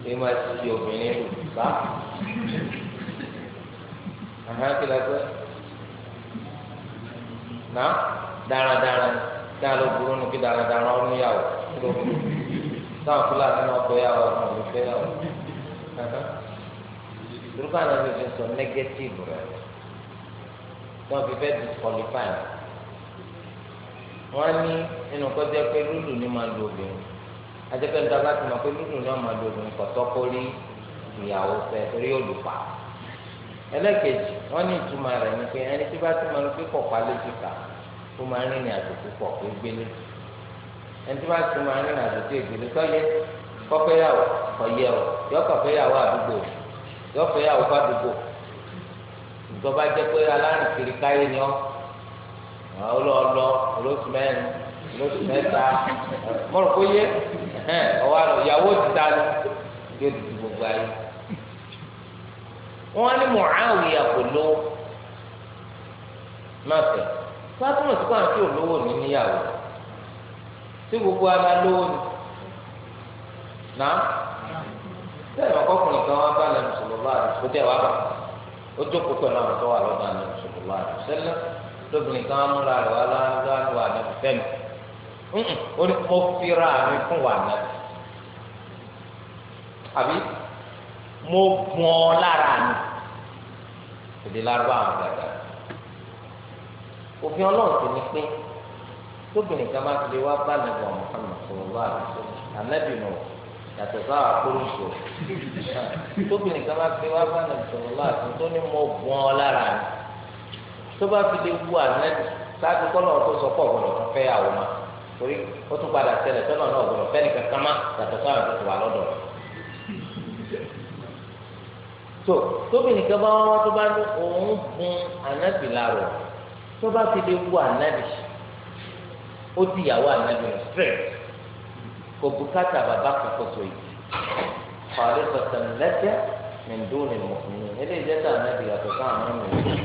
èyí máa ti obìnrin lò bá àhán kí náà gbé náà dáradára dáa ló burú nu kí dáradára ọ̀run yà ó kí ló burú táwọn fúlàní náà fẹ́ yà wọ́n kò ní fẹ́ yà wọ́n. Yorùbá náà fi fi sọ nẹ́gẹ́tìfù rẹ̀ tí wọ́n fi fẹ́ disqualify. Wọ́n ní inú kọjá pé lúlù ni máa lo obìnrin. Ajẹ́pẹ́ níta bá ti pé lúlù ni wọ́n máa lo obìnrin kò tọ́kọ rí ìyàwó fẹ́ torí olùpa. Ẹlẹ́kejì, wọ́n ní ìtumọ̀ rẹ̀ ni pé ẹni tí bá ti mọ̀ ní pé kọ̀ọ̀pá lójú kà ó máa ń rìnrìn àjò púpọ̀ pé gbélé ẹni tí wọ́n ti máa ń rìn àjò tó ìgbìlẹ̀ tọ́yẹ kọ́fẹ́yàwó ọ̀yẹ o yọ kọ́fẹ́yàwó àdúgbò yọ fẹ́yàwó fàdúgbò ìjọba jẹ́ pé alárìn kiri káyé ni ọ́ ọlọ́ọ̀lọ́ olóṣù mẹ́rin olóṣù mẹ́ta mọ̀rọ̀ kó yé ọwọ́ àlọ́ ìyàwó ti ta ni yóò ti di gbogbo ayé wọ́n ní Muawiya kò lówó náà fẹ́ wọ́n á túmọ̀ sí ní níyàwó tí gbogbo ara lówó ni nà sẹ́yìn ọkọ̀kùnrin kan wá bá lẹ́nu sọ̀rọ̀ láàrin kó tẹ̀ wá bá ó jókòó pẹ̀lú àwọn tó wà lọ́dọ̀ lẹ́nu sọ̀rọ̀ láàrin sẹ́lẹ̀ lóbìnrin kan múra rẹ̀ wá láàrin wà lẹ́nu fẹ́mi ó ní mo fira mi fún wà lẹ́nu àbí mo gbọ́n lára mi èdè lárúbáwọn gbàgbà òfin ọlọ́run ti ní pé tóbìnrin kan máa fi lè wá bá nàbà Muhammad sọlọ́wọ́ àdúgbò ànábì nù yàtọ̀ sáà kólóso tóbìnrin kan máa fi wá bá nàbà sọlọ́wọ́ àdúgbò tó ní mọ gbọ́n ọ lára rẹ̀ tó bá fi lè wú ànábì sáájú kọ́nà tó sọ pọ̀ gbọ́dọ̀ tó fẹ́ àwọn ọmọ torí ó tún padà ṣẹlẹ̀ tọ́nà náà gbọ́dọ̀ fẹ́ nìkan má yàtọ̀ sáà tó ti wà lọ́dọ̀ tó tóbìnrin kan bá wọn tó bá ní òun gun ànábì láàrọ̀ tó bá fi lè wú ànábì ó ti yàwó ànábì rẹ̀ straight kò bùkátà bàbá kòkó yìí kọ́lé kọ̀tàn lẹ́jẹ́ mẹ́ndóni mọ̀kùnrin ilé ìjẹta ànábì yàtọ̀ sáà mọ́mọ́ rẹ̀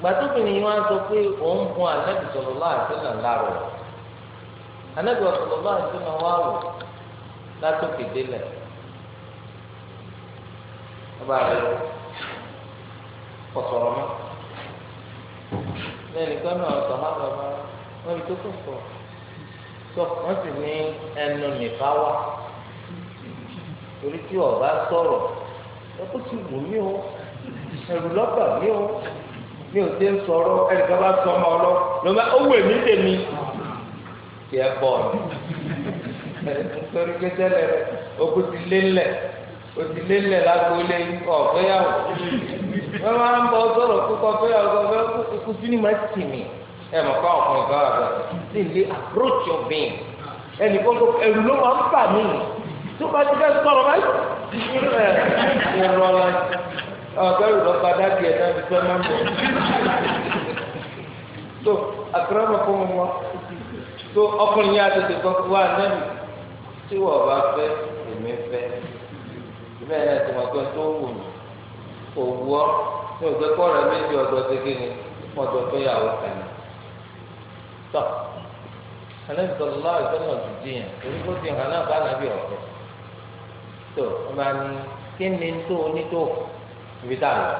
gbàtóbìnrin yìí wọn sọ pé òun gun ànábì sallallahu alaihi wasallam lárò ànábì sallallahu alaihi wasallam wà rò látòkè délẹ̀ ọba rẹ̀ kọ̀sọ̀rọ̀ mọ́. lẹ́nìkan náà sọ ha bàbá wọn rí kókó sọ sọ wọn sì ní ẹnu nìfà wà torí tí ọba sọ̀rọ̀ ẹkú ti wù mí o ẹrù lọ́gbà mí o mi ò dé sọ̀rọ̀ ẹnìkan bá sọ ọmọ ọlọ ló bá ó wù mí tèmi kí ẹ bọ̀ ọ́ nítorí pé tẹ́lẹ̀ okùn ti lé lẹ̀ o ti lé lẹ̀ lágbóolé ọ̀fẹ́yàwó wọ́n máa ń bọ̀ sọ̀rọ̀ kókó ọ̀fẹ́yàwó ọ̀fẹ́ kókó sinimá tì mí ẹ̀ mọ̀ fáwọn ọkùnrin kan wà bẹ́ẹ̀ sì lé approach your being ẹnì kan ẹ̀rù ló máa ń fà mí tó bá ti fẹ́ sọ̀rọ̀ báyìí ìrọ̀ ọ̀gbẹ́rù lọ́ba dákì ẹ̀ náà ti fẹ́ máa ń bọ̀ so àkàràmọ̀ fún mi wọ́n so ọkùnrin yẹn àti tẹ̀kọ́ wà náà tí wọ́n bá fẹ́ èmi fẹ́ síbẹ̀ náà ti mọ̀ pé tó wù ní òwú ọ́ ní ògbé kọ́ọ̀rọ̀ méjì ọ̀dọ́ tẹ́kẹ́ ni wọ́n jọ pé ìyàwó kan ní. tọ́ alẹ́bí sọ̀rọ̀ lọ́wọ́ ìtọ́nà ti jiyàn torí kó ti hàn náà bá nàbí ọ̀fẹ́. tó o máa ní kí ni tó o ní tó ibi tá a lọ.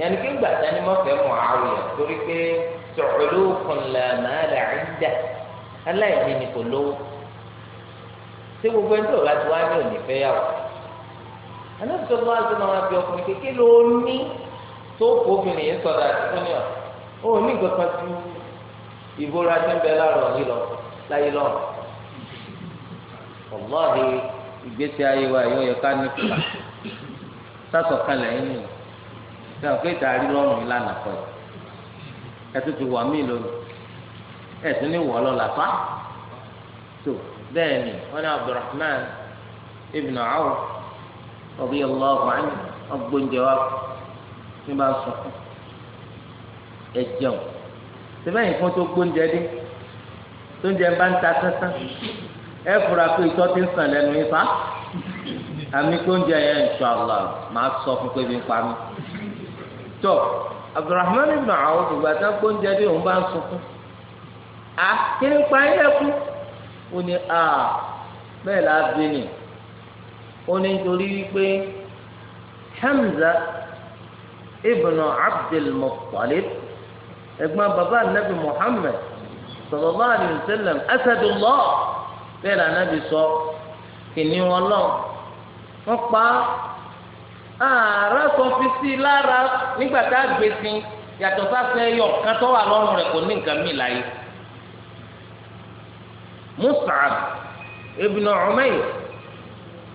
yàní kí gbà tani mọ́fẹ́ mọ̀ àrùn yẹn torí pé sọ̀rọ̀ kan là máa rà gbogbo ẹni tó o bá ti wá ní òní fẹ́ yàwó ànábì tó bá tó máa bí ọkùnrin kékeré ló ní tó kó obìnrin yẹn sọ̀rọ̀ àti fún yàn ó ní nǹkan kan ju ìbora tí ń bẹ láàrọ̀ yìí lọ láyé lọ. ọlọ́ọ̀hì ìgbésí ayé wa yóò yẹ ká ní kùlà sásọ̀kalẹ̀ yín nìyí sẹ́wọ̀n pé ìtàrí lọ́rùn yìí lánàá pẹ̀ ẹ tún ti wà mí lónìí ẹ tún ní wọ́ lọ́la fa. tó bẹ́ẹ̀ ni wọ́n ní Abdulrahman ibn Awf radiyallahu anhu ọgbóúnjẹ wa ní bá ń sọkún ẹ jẹun sẹ́fẹ̀yìn fún tó gbóúnjẹ dé tó ń jẹ bá ń ta sánsán ẹ fura pé ìtọ́ ti ń sàn lẹ́nu yín fa àmì tó ń jẹ yẹn inshallah máa sọ fún pé mi pa mi tó Abdurrahman ibn Awf ìgbà tó gbóúnjẹ dé òun bá ń sunkún à kí ni pa yín lẹ́kún ó ní à bẹ́ẹ̀ lábẹ́ nìyí ó ní nítorí wípé Hamza ibn Abdul Muttalib ẹ̀gbọ́n bàbá anabi Muhammad sallallahu alaihi wasallam asadullah bẹ́ẹ̀ ni anabi sọ kìnìún Ọlọ́run wọ́n pa ààrẹ sọ fi sí i lára nígbà tá a gbé sí yàtọ̀ sáfẹ́ yọ kan tó wà lọ́rùn rẹ̀ kò ní nǹkan mi láyé Mus'ab ibn Umayr.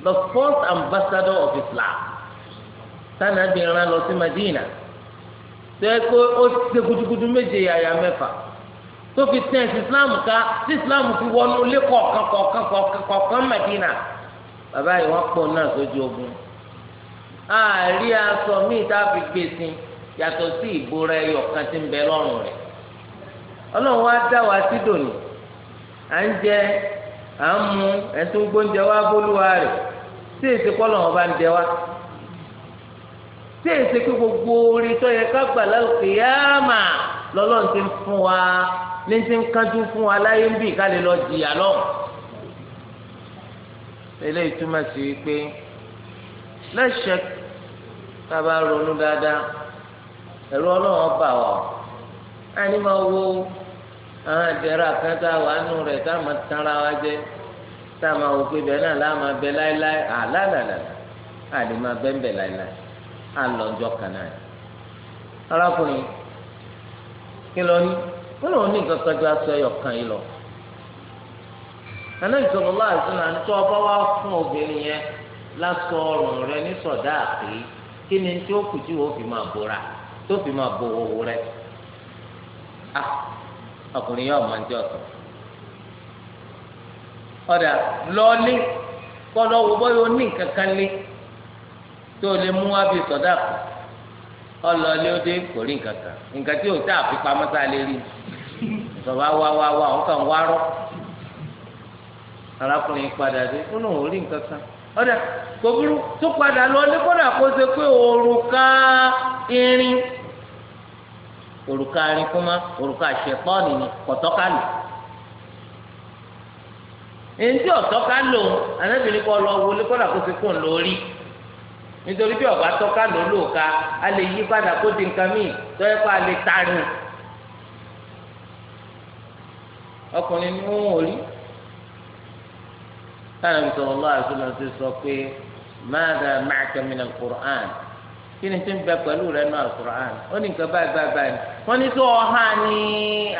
the first ambassador of Islam tánàbí ran lọ Madina tẹ́ kó ó ṣe gudugudu méje yàyà mẹ́fà fi Islam ka Islam fi wọnú lé kọ̀ọ̀kan kọ̀ọ̀kan Madina baba ogun a fi yàtọ̀ sí ẹyọ kan ń bẹ lọ́rùn rẹ̀ ọlọ́run wá dá wa à ń jẹ à ń mu tí èsì kọ́ lọ́wọ́ bá ń dẹ wá tí èsì pé gbogbo orí tó yẹ ká gbà lálùkìyàmà lọ́lọ́run ti ń fún wa ní ti ń kánjú fún wa láyé ń bì ká lè lọ jìyà lọ́wọ́ eléyìí túmọ̀ sí wípé lẹ́sẹ̀ tábà ronú dáadáa ẹ̀rọ ọlọ́wọ́ bà wọ́ ẹni máa wo àwọn àdẹ̀rà kan tá a wà nù rẹ̀ tá a máa tán ara wa jẹ́ tá a máa wò pé bẹ́ẹ̀ náà máa bẹ láéláé àlàlàlà àdè máa bẹ́ẹ̀ bẹ́ẹ̀ láéláé á lọ ọjọ́ kan náà. arákùnrin kí ló ní ní nǹkan kan ju aṣọ lọ. anáyìí lọ́wọ́ àti àti ọba wá fún obìnrin yẹn ọrùn rẹ ní sọ̀dá àpè kí ni tí ó kù tí wọ́n fi máa bora tó fi máa bo ọ̀dà lọ́ọ́lé kọ́lọ́ wo bọ́yọ̀ ní kankan lé o lè mú wá bíi sọ̀dá kù ó dé kò rí nkankan nǹkan tí ò tá àfi rí sọ̀rọ̀ wá wá wá wá rọ́ arákùnrin padà dé ó lóun ò rí nkankan ọ̀dà kò burú tó padà lọ́ọ́lé kọ́dà kó ṣe pé irin òrùka irin òrùka kọ̀tọ́kàlì. èyí ọ̀tọ́ ká lò anábìrin kọ́ lọ wọlé kọ́dà kó fi kún lórí nítorí bí ọba tọ́ka lò lò ká a lè yí padà kó di nǹkan míì tó yẹ kó a lè tarun ọkùnrin ní wọn ò rí táwọn ẹbí sọ̀rọ̀ lọ́wọ́ àti lọ́wọ́ ti sọ pé madha ma'aka min al-Qur'an kí ni tí ń bẹ pẹ̀lú rẹ náà al ó ní nǹkan báyìí báyìí báyìí wọ́n ní tó ọ̀hán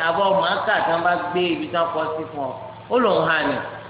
àbọ̀ màákà tí wọ́n bá gbé ibi tí wọ́n kọ́ sí fún ọ ó lòun hàn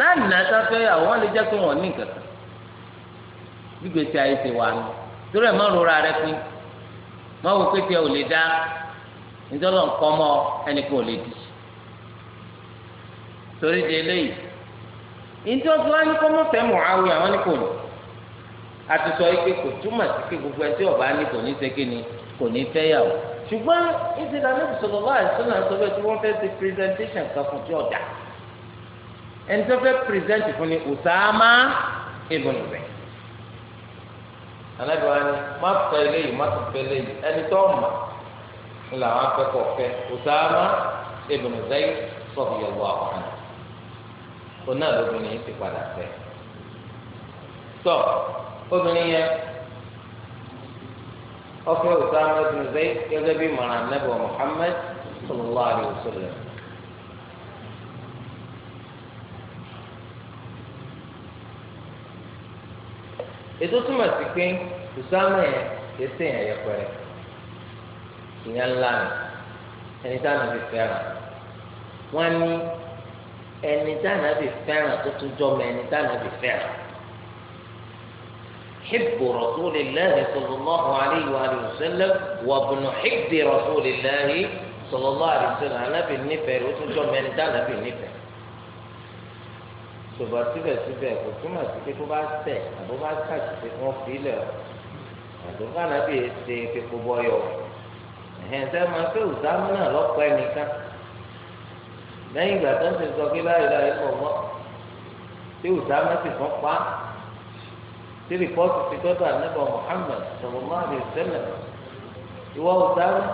lánàá sáfẹ́ yàwó lè jẹ́ pé wọ́n ní gbígbèsè ayé ti wà ní torí ẹ̀ má rora rẹ pín má wo pé tiẹ̀ ò lè dá nítorí nǹkan mọ́ ẹnì kan lè dì torí di eléyìí ìjọ tí wọn ní kọ́ mọ́ fẹ́ àwọn ní kò ní ni kò ní fẹ́ yàwó ṣùgbọ́n ìdílé anábìsọ̀lọ́lá àìsàn náà sọ tí wọ́n fẹ́ presentation kan fún ẹni tó fẹ́ pírẹsẹ̀ntì fún ni Usama ibn Zayd anabi wani má fẹ́ eléyìí má tó fẹ́ eléyìí ẹni tó mọ̀ ńlá wọn fẹ́ kọ̀ fẹ́ Usama ibn Zayd sọ̀rọ̀ yẹ̀ wọ́ àwọn àná onáà lóbìnrin yìí ti padà fẹ́ tọ́ obìnrin yẹn ọfẹ́ Usama ibn Zayd gẹ́gẹ́ bí mọ̀ràn anábì wa Muhammad sallallahu alayhi ètò tó ma ti pé ìsámà yẹn yẹn yẹ pẹrẹ ìyẹn ńlá ni ẹni tí táwọn ti fẹ́ràn wọ́n ní ẹni tí táwọn ti fẹ́ràn tó tún jọ mọ ẹni tí táwọn ti fẹ́ràn حب رسول الله صلى الله عليه وآله وسلم وابن حب رسول الله صلى الله عليه وسلم أنا بالنفر وتجمع أنا بالنفر ṣùgbọ́n síbẹ̀síbẹ̀ kò túmọ̀ sí pé tó bá tẹ̀ àbó bá ṣàṣìṣe fún fílẹ̀ àdúgbò ànábì ṣe pípọ̀ bọ́yọ̀ ẹ̀hẹ́n ṣe máa pé ìdáhùn náà lọ́pọ̀ ẹnìkan lẹ́yìn ìgbà tó ń ṣe sọ pé láyé láyé pọ̀ mọ́ tí ìdáhùn sì fún pa tí rìpọ́tù ti dọ́dọ̀ ànábì Muhammad sallallahu alaihi wasallam ìwọ ìdáhùn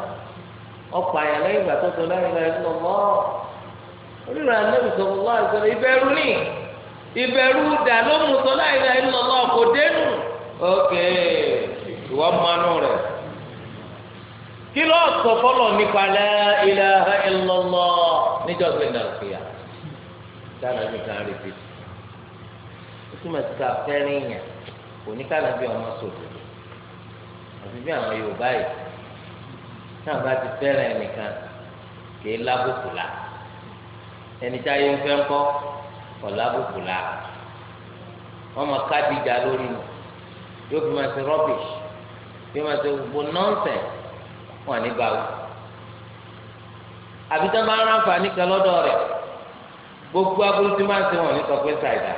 ọ̀pọ̀ àyàn lẹ́yìn ìgbà tó sọ láyé láyé pọ̀ mọ́ onírànlẹ́bì sallallahu alaihi wasallam ìbẹ̀rù ìbẹ̀rù dà ló mú sọ láì láì lọ́lọ́ kò dénú ok ìwọ mọ́nú rẹ̀ kí ló sọ fọlọ nípa la ilaha illallah níjọsìn náà fìyà dáná mi kan rí bíi o túmọ̀ sí ká fẹ́rin yàn kò ní ká nàbí ọmọ sòdò àti bí àwọn Yorùbá yìí náà bá ti fẹ́ràn ẹnìkan kì í lábùkù la ẹni tí ń fẹ́ ń kọ́ ọ̀làbùkù la wọ́n máa káàdì ìjà lórí mi yóò fi máa ṣe rubbish yóò máa ṣe gbogbo nonsense wọn ní báwo àbí tó máa ń ránfààní kan lọ́dọ̀ rẹ̀ gbogbo aburú tí máa ń ṣe wọn ní sọ pé ṣàìdá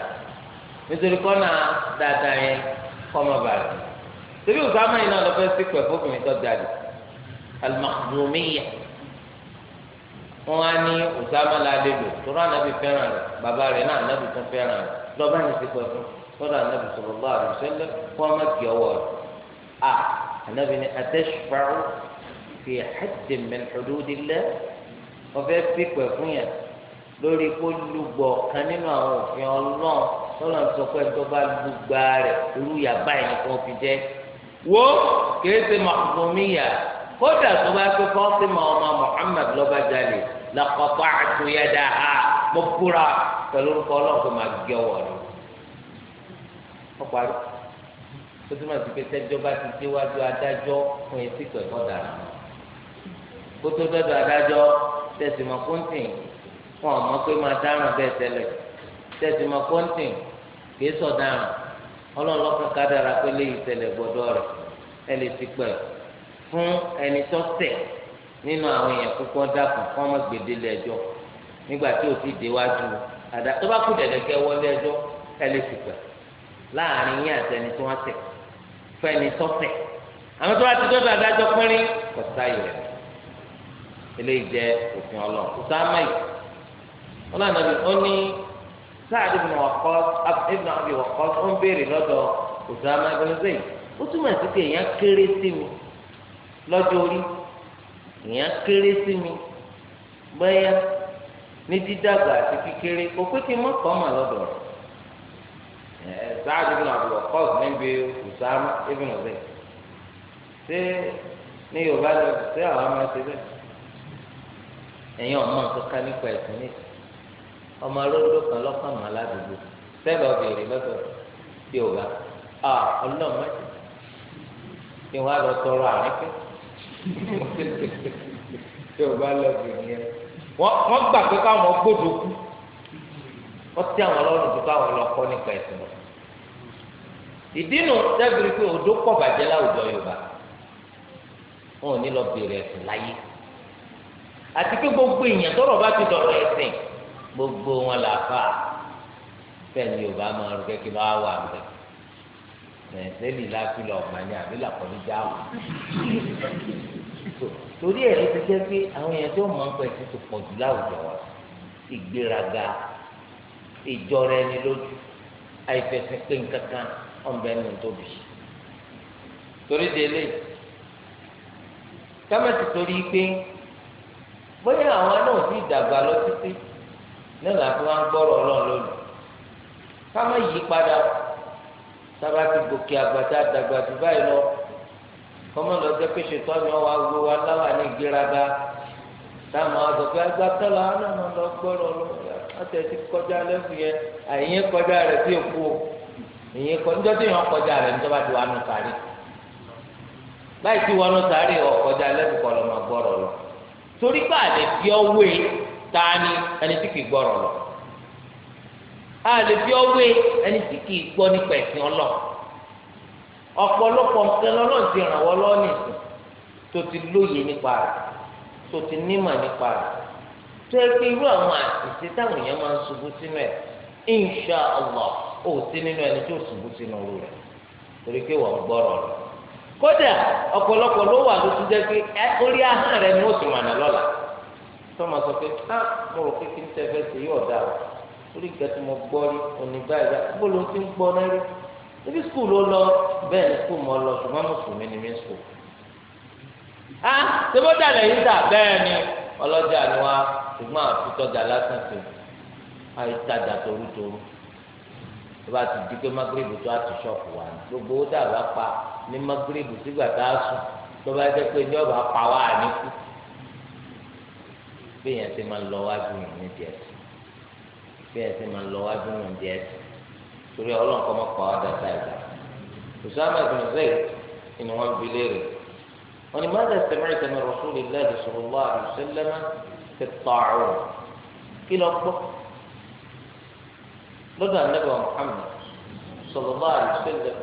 nítorí kọ́nà dáadáa yẹn kọ́ máa bàrẹ̀. tẹ́bí òsàmà yìí náà lọ fẹ́ sí pẹ̀fọ́ fún mi tó jáde al wọn á ní Usama ládé lò tóró ànábì fẹ́ràn rẹ̀ bàbá rẹ̀ náà ànábì tún fẹ́ràn rẹ̀ lọ́ba ní ti pẹ̀lú lọ́dọ̀ ànábì sallallahu alaihi wasallam fún ọmọ kì ọwọ́ rẹ̀ a ànábì ní atashfa'u fi haddin min hududillah ọ̀fẹ́ pípẹ́ fún yẹn lórí kó lùgbọ̀ kan nínú àwọn òfin ọlọ́run tọ́lọ̀ ń sọ pé tó bá lùgbà rẹ̀ irú yàgbá yẹn kò fi jẹ́ wo kèé màkùnmíyà kódà tó bá pé fọ́tímà ọmọ Muhammad lọ́ba jalè làkọ̀tọ̀ àtúnyẹ̀dá ha mo kúra pẹ̀lú orúkọ ọlọ́ọ̀kọ́ máa gé ọwọ́ rẹ̀ ó parí ó túmọ̀ sí pé sẹ́jọ́ bá ti déwájú adájọ́ fún etí kó tó dọ́dọ̀ adájọ́ kóńtìn fún ẹni tó ṣẹ̀ nínú àwọn èèyàn kókó dàkùn kọ́ ọmọ gbèdéle ẹjọ́ nígbà tí o ti déwájú àdá tó bá kú dẹ̀dẹ̀kẹ́ wọlé ẹjọ́ ẹ lè sì gbà láàrin yín àtẹni tó wọ́n ṣẹ̀ fún ẹni tó ṣẹ̀ àwọn tó bá ti dọ́dọ̀ adájọ́ pínrín kò sáyè rẹ̀ eléyìí jẹ́ òfin ọlọ́run kò sá mọ́ yìí ọlọ́run náà ó ní sáàdì ibùnà wọ̀kọ́ ibùnà àbí wọ̀kọ́ ó ń béèrè lọ́dọ̀ Usama ibn Zayd ó túmọ̀ sí pé èèyàn kéré sí mi lọ́jọ́ orí èèyàn kéré sí mi bẹ́yà ní dídàgbà àti kékeré kò pé kí n má kọ́ mà lọ́dọ̀ rẹ̀ ẹ̀ sáájú ní àbúrò kọ́ọ̀s níbi Usama ibn Zayd ṣé ní Yorùbá lọ sí àwọn máa ṣe bẹ́ẹ̀ ẹ̀yin ọmọ kankan nípa ẹ̀sìn ní ọmọ arúgbó kan lọ́kàn mọ́ aládùúgbò sẹ́lọ̀ béèrè lọ́dọ̀ Yorùbá ọlọ́mọdé kí wọ́n á lọ tọrọ àríkẹ́ tí o bá lọ sí ìyẹn wọ́n gbà pé káwọn gbọ́dọ̀ kú wọ́n ti àwọn ọlọ́run tó káwọn lọ kọ́ nípa ẹ̀sìn lọ. ìdínú dábìrì pé odó kọ̀ bàjẹ́ láwùjọ yorùbá wọn ò ní lọ bèrè ẹ̀sìn láyé àti pé gbogbo èèyàn tọ́rọ̀ bá ti dọ̀rọ̀ ẹ̀sìn gbogbo wọn làáfà bẹ́ẹ̀ ni yorùbá máa ń rú kẹ́kẹ́ bá wà bẹ́ẹ̀ sẹ́ni láti lọ ọ̀gbà ni àbí làkọ́lé já wò torí ẹ̀ ló ti jẹ́ pé àwọn èèyàn tó mọ̀ ń pẹ̀ sí ti pọ̀ jù láwùjọ wa ìgbéraga ìjọra ẹni lójú àìfẹsẹ̀ pé nǹkankan ọ̀nbẹ nù tóbi torí délé kámẹ́tì torí pé bóyá àwọn náà ti dàgbà lọ títí náà làbí wọn gbọ́rọ̀ ọlọ́run lónìí ká yí padà sábà ti gòkè àgbàtà dàgbà jù báyìí lọ kọ́mọ lọ jẹ́ pé ṣètò àmì ọwọ́ agbó wa láwà ní ìgbéraga táwọn àgbà pé agbátọ́ la wọn náà lọ gbọ́rọ̀ lọ àti ẹtì kọjá lẹ́fù yẹn àyìn kọjá rẹ̀ sí èkó ìyẹn kọ níjọ́ tí yẹn kọjá rẹ̀ níjọba ti wà nù sáré báyìí tí wọn nù sáré ọkọjá lẹ́fù kọ́ lọ́mọ gbọ́rọ̀ lọ torí pé àlè fi ọwé a lè fi ọwé ẹni tí kì í gbọ́ nípa ẹ̀sìn ọlọ́ ọ̀pọ̀lọpọ̀ nǹkan lọ́lọ́run ti ràn wọ́n lọ́ọ́ tó ti lóye nípa rẹ̀ tó ti nímọ̀ nípa rẹ̀ tó ẹ irú àwọn àṣìṣe táwọn èèyàn máa ń ṣubú sínú ẹ̀ insha allah ó sí nínú ẹni tó ṣubú sínú ọrú rẹ̀ torí pé wọ́n gbọ́rọ̀ rẹ̀ kódà ọ̀pọ̀lọpọ̀ orí ìkẹtù mo gbọ́ rí òní báyìí báyìí bó ló ti ń gbọ́ náà rí níbi skul ló lọ bẹ́ẹ̀ ni skul mọ́ lọ ṣùgbọ́n mùsùlùmí ni mí skul. a ṣébó dàlẹ̀ yìí dà bẹ́ẹ̀ ni ọlọ́jà ni wa ṣùgbọ́n àfitọ́jà lásán ti àìtajà torutoru tó bá ti di pé magrebu tó a ti ṣọ́ọ̀kù wa ni gbogbo owó dàbá pa ní magrebu sígbà tá a sùn tó bá jẹ́ pé ní ọ̀bà pa wá ní kú bí èèyàn ti máa lọ wájú yìí ní díẹ̀ sí bí ẹ ti máa lọ wájú nù díẹ̀ torí ọlọ́nkọ́ máa kọ́ ọ́ dàtà ìgbà Usama ibn Zayd inú wọn bi léèrè wọn ni mọ́tà sẹ́mẹ́rì tẹ̀mẹ́ rọ́ṣúlì lẹ́dí sọ̀rọ̀lá àdùsẹ́lẹ́mẹ́ ti tààrọ̀ kí lọ gbọ́ lọ́dọ̀ anábẹ́wà Muhammad sọ̀rọ̀lá àdùsẹ́lẹ́mẹ́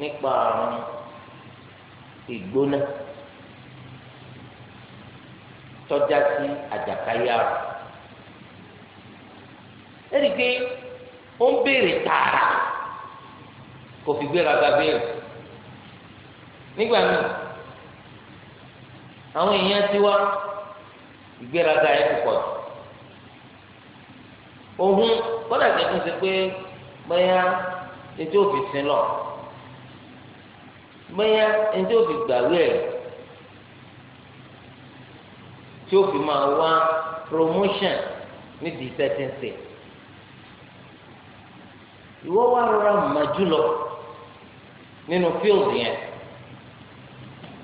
nípa àrùn ìgbóná tọ́já sí àjàkáyà rẹ̀. ẹni pé ó ń béèrè tààrà kò fi gbéraga béèrè nígbà míì àwọn èèyàn ti wá ìgbéraga yẹn ti pọ̀ jù òhun kọ́dà pé ètò òfin sin lọ bóyá ètò òfin gbàwé ẹ̀ tí ó fi máa wá promotion ìwọ wà rọra mà jùlọ nínú field yẹn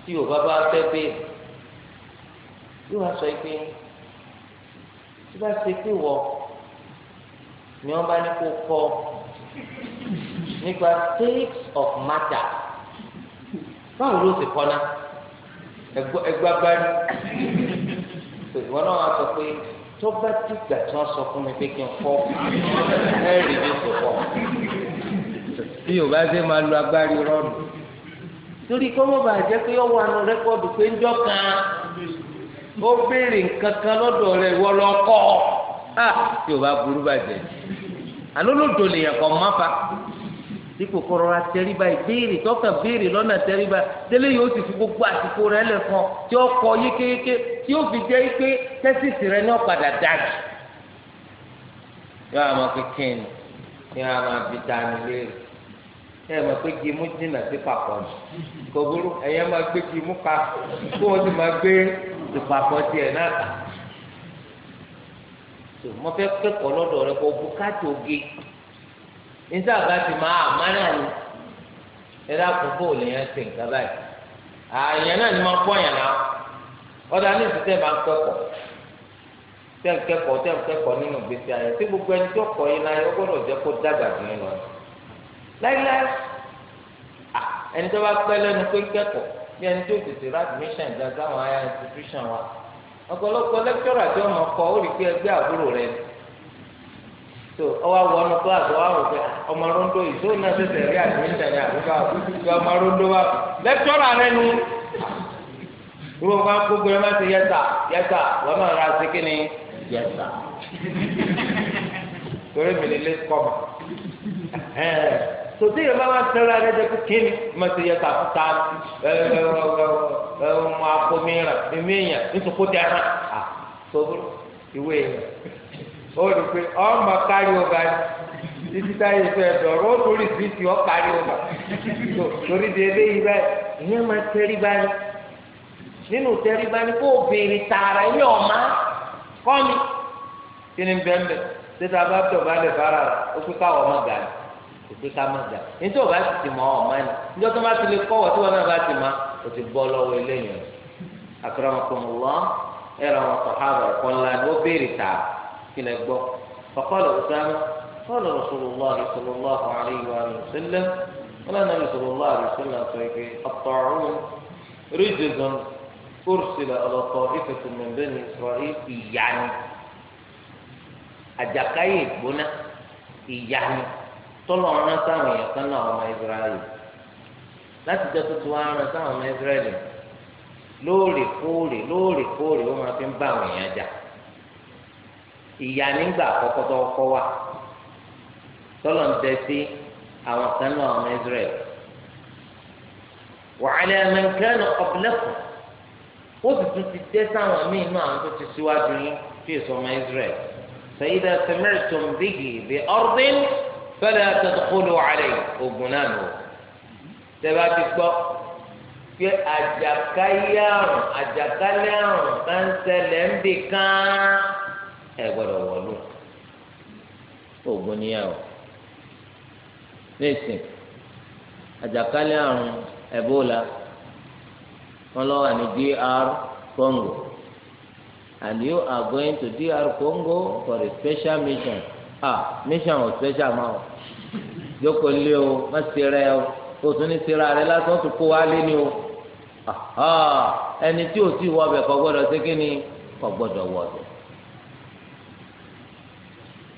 tí o bá bá fẹ́ bẹ́ẹ̀ yóò wá sọ pé tí bá ṣe pé wọ ni wọn bá ní kó kọ nípa states of matter báwo ló ṣe kọ́ ná ẹgbẹ́ agbárí ìwọ náà wá sọ pé tó bá ti gbà tí wọn sọ fún mi pé kí n fọ ẹ rí mi tó fọ bí yóò bá ṣe máa lu agbárí rọrùn torí kọ́ mọ́ bàjẹ́ pé ó wà nù rẹ́kọ́dù pé ńjọ́ kan ó béèrè nǹkan kan lọ́dọ̀ rẹ̀ wọ́n lọ kọ́ ọ yóò bá burú bàjẹ́ àlọ́ lòdò lèèyàn kọ́ máa fa dípò kọ́ rọra tẹríba ìbéèrè tọ́kàn béèrè lọ́nà tẹríba délé yóò ti fi gbogbo àsìkò rẹ lẹ́fọn tí ó kọ yékéyéké tí ó fi jẹ́ pé tẹ́sítì rẹ ní ọ̀padà dàgbà. yóò àmọ́ kékeré ni yóò àmọ́ abidani léèrè ẹ mọ̀ pé kí imú jìnnà sí papọ̀ ni kò burú ẹ̀yẹ́ máa gbé kí imú pa kó o sì máa gbé ìpapọ̀ tiẹ̀ náà kà. mo fẹ́ kẹ́kọ̀ọ́ lọ́dọ̀ rẹ kó o bu káàtì oge. níta àgbà ti máa àmà náà ni ẹ dákun bó lèèyàn ṣe nǹkan báyìí àyàn náà ni máa kó àyàn náà ọ̀dà ní ìsìtẹ́ máa ń kẹ́kọ̀ọ́ kẹ́kọ̀ọ́ kẹ́kọ̀ọ́ nínú gbèsè ayé tí gbogbo ẹni tó kọ́ yín láyé ó gbọ́dọ̀ jẹ́ kó dàgbà jù láíláí ẹni tó pé kẹ́kọ̀ọ́ bí ẹni tó so ọwọ́ àwọn ọmọ kíláàsì wa rò pé ọmọ rondo yìí tó náà ṣẹ̀ṣẹ̀ rí àdìmíńtà ní àbúkà òkúta ọmọ rondo wa lẹ́tọ́rà rẹ nu ìwọ bá gbogbo ẹ má ti yẹta yẹta wọn náà ra sí kí ni yẹta torí mi lè lé kọ́mà sòtí yẹn bá wà sẹ́ra rẹ jẹ́ kí ni má ti yẹta ọmọ nítorí kó hàn yẹn. ó rò pé ọmọ kárí ọba títí táyé fẹ́ dọ̀rọ̀ ó torí bíìtì ọ kárí ọba torí de eléyìí báyìí ìyẹn máa tẹrí báyìí nínú tẹrí báyìí kó béèrè tààrà ẹ̀yìn ọ̀ma kọ́ mi kí ni bẹ́ẹ̀ bẹ́ẹ̀ tẹ́tà bá tọ̀ bá lè fara rà ó pé káwọ́ ọmọ gàdí òbí ká má dà nítorí ọba ti ti mọ ọmọ ẹni níjọ tó bá ti lè kọwọ tí wọn náà bá ti mọ o ti bọ lọ́wọ́ eléyìí àkàràmọkùnrin lọ wọn sọ ha bẹ̀rẹ̀ kọ ńlá ni ó béèrè ta كلا يقول فقال أسامة قال رسول الله صلى الله عليه وآله وسلم قال النبي صلى الله عليه وسلم الطاعون رجز أرسل على طائفة من بني إسرائيل إيانا أجاكاي بنا إيانا طلعنا سامي يقنا وما إسرائيل لا تجدوا أنا سامي إسرائيل lóòrèkóòrè lóòrèkóòrè ó máa fi ń bá àwọn èèyàn jà ìyá nígbà àkọ́kọ́ tó kọ́ wa tọ́lọ̀ ń tẹ́ sí àwọn kan náà ọmọ Israẹl wàhálà ẹ̀mẹ̀kẹ́nu ọ̀bùlẹ́kùn ó sì tún ti dé sáwọn míì náà àwọn tó ti síwájú yín fi èso ọmọ Israẹl sẹ́yìdá sẹ́mẹ́rìtùm bígì bí ọ̀rọ̀dín fẹ́lẹ́ àtẹ̀tẹ̀kọ́lù wàhálà ogun náà nù. tẹ́lá ti gbọ́ pé àjàkáyé àrùn àjàkálẹ̀ àrùn kan ṣẹlẹ̀ ń bì kan ẹ gbọ́dọ̀ wọ̀lú oògùn níyàwó nísìn àjàkálẹ̀ àrùn Ebola wọn lọ wà ní DR Congo and you are going to DR Congo for a special mission ah mission or special ma o jókòó lé o má ṣe rẹ o o tún ní ṣe ra rẹ lásán tó kó wa lé ni o ẹni tí o ti wọ ọbẹ kò gbọ́dọ̀ ṣe kí ni kò gbọ́dọ̀ wọ ọbẹ.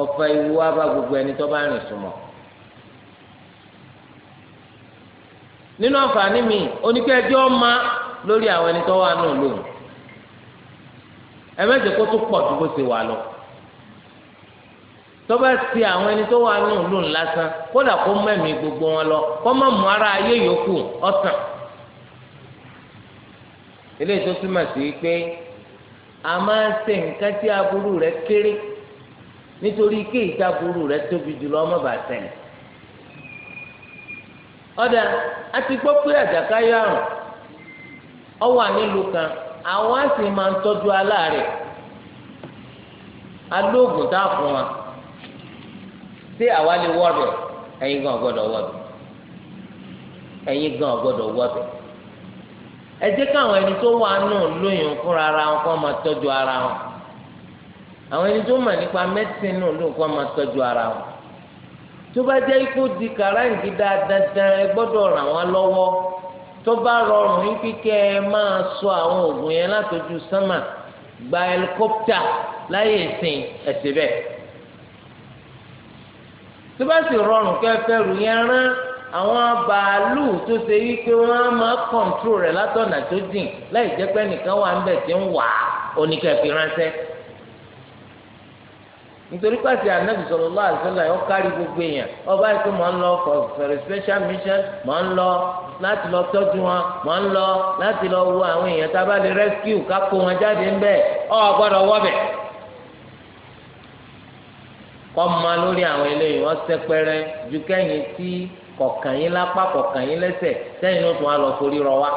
ọ̀fà ìwú wa bá gbogbo ẹni tó bá rìn sùnmọ́. nínú àǹfààní mi oníkẹ́jọ́ ma lórí àwọn ẹni tó wà náà lóhùn ẹ mẹ́jẹ̀ kó tó pọ̀ tó bó ṣe wà lọ tó bá ti àwọn ẹni tó wà náà lóhùn lásán kódà kó mẹ́mí gbogbo wọn lọ kó má mú ara ayé yòókù ọ̀sán eléyìí tó túmọ̀ sí pé a máa ń ṣe nǹkan tí aburú rẹ̀ kéré. nítorí ike ìjaburú rẹ tóbi jùlọ ọmọ bá ṣẹlẹ̀ ọdà a ti gbọ́ pé àjàkáyọ̀ àrùn ọ wà nílùú kan àwọn á sì máa ń tọ́jú aláàárẹ̀ alóògùn tá a fún wa ṣé àwa lè wọbẹ gan ọgbọdọ wọbẹ ẹ̀yin gan ka wọbẹ ẹ jẹ́ káwọn ẹni tó wà nù lóyún fúnra ara wọn kó máa ara wọn. àwọn ẹni tó mọ̀ nípa mẹ́sìn náà ló ń kọ́ máa tọ́jú ara wọn tó bá jẹ́ ikú di kàráǹgì dáadáa ẹ gbọ́dọ̀ ràn wọ́n lọ́wọ́ tó bá rọrùn yín kíkẹ́ ẹ máa sọ àwọn oògùn yẹn látọjú sánmà gba ẹlikọ́pítà láyé ìsìn ẹ̀sìn bẹ́ẹ̀ tó bá sì rọrùn kẹ́ rù yẹn rán àwọn bàálù tó ṣe wípé wọn á máa kọ̀ǹtró rẹ̀ látọ̀nà tó dìn láì jẹ́ pé nìkan wà ń bẹ̀ tí ń wà á oníkẹ́fì ránṣẹ́ nítorí pàṣẹ anabi sallallahu alaihi wasallam yọ kárí gbogbo èèyàn ọba yìí pé mò ń lọ for for a special mission mò ń lọ láti lọ tọ́jú wọn mò ń lọ láti lọ wo àwọn èèyàn tá a bá lè rescue ká kó wọn jáde ń bẹ ọ gbọ́dọ̀ wọbẹ kọ́ ma lórí àwọn eléyìí wọ́n sẹ́pẹ́rẹ́ ju kẹ́yìn tí kọ̀ọ̀kan lápá kọ̀ọ̀kan lẹ́sẹ̀ sẹ́yìn ló tún á lọ forí rọ wá.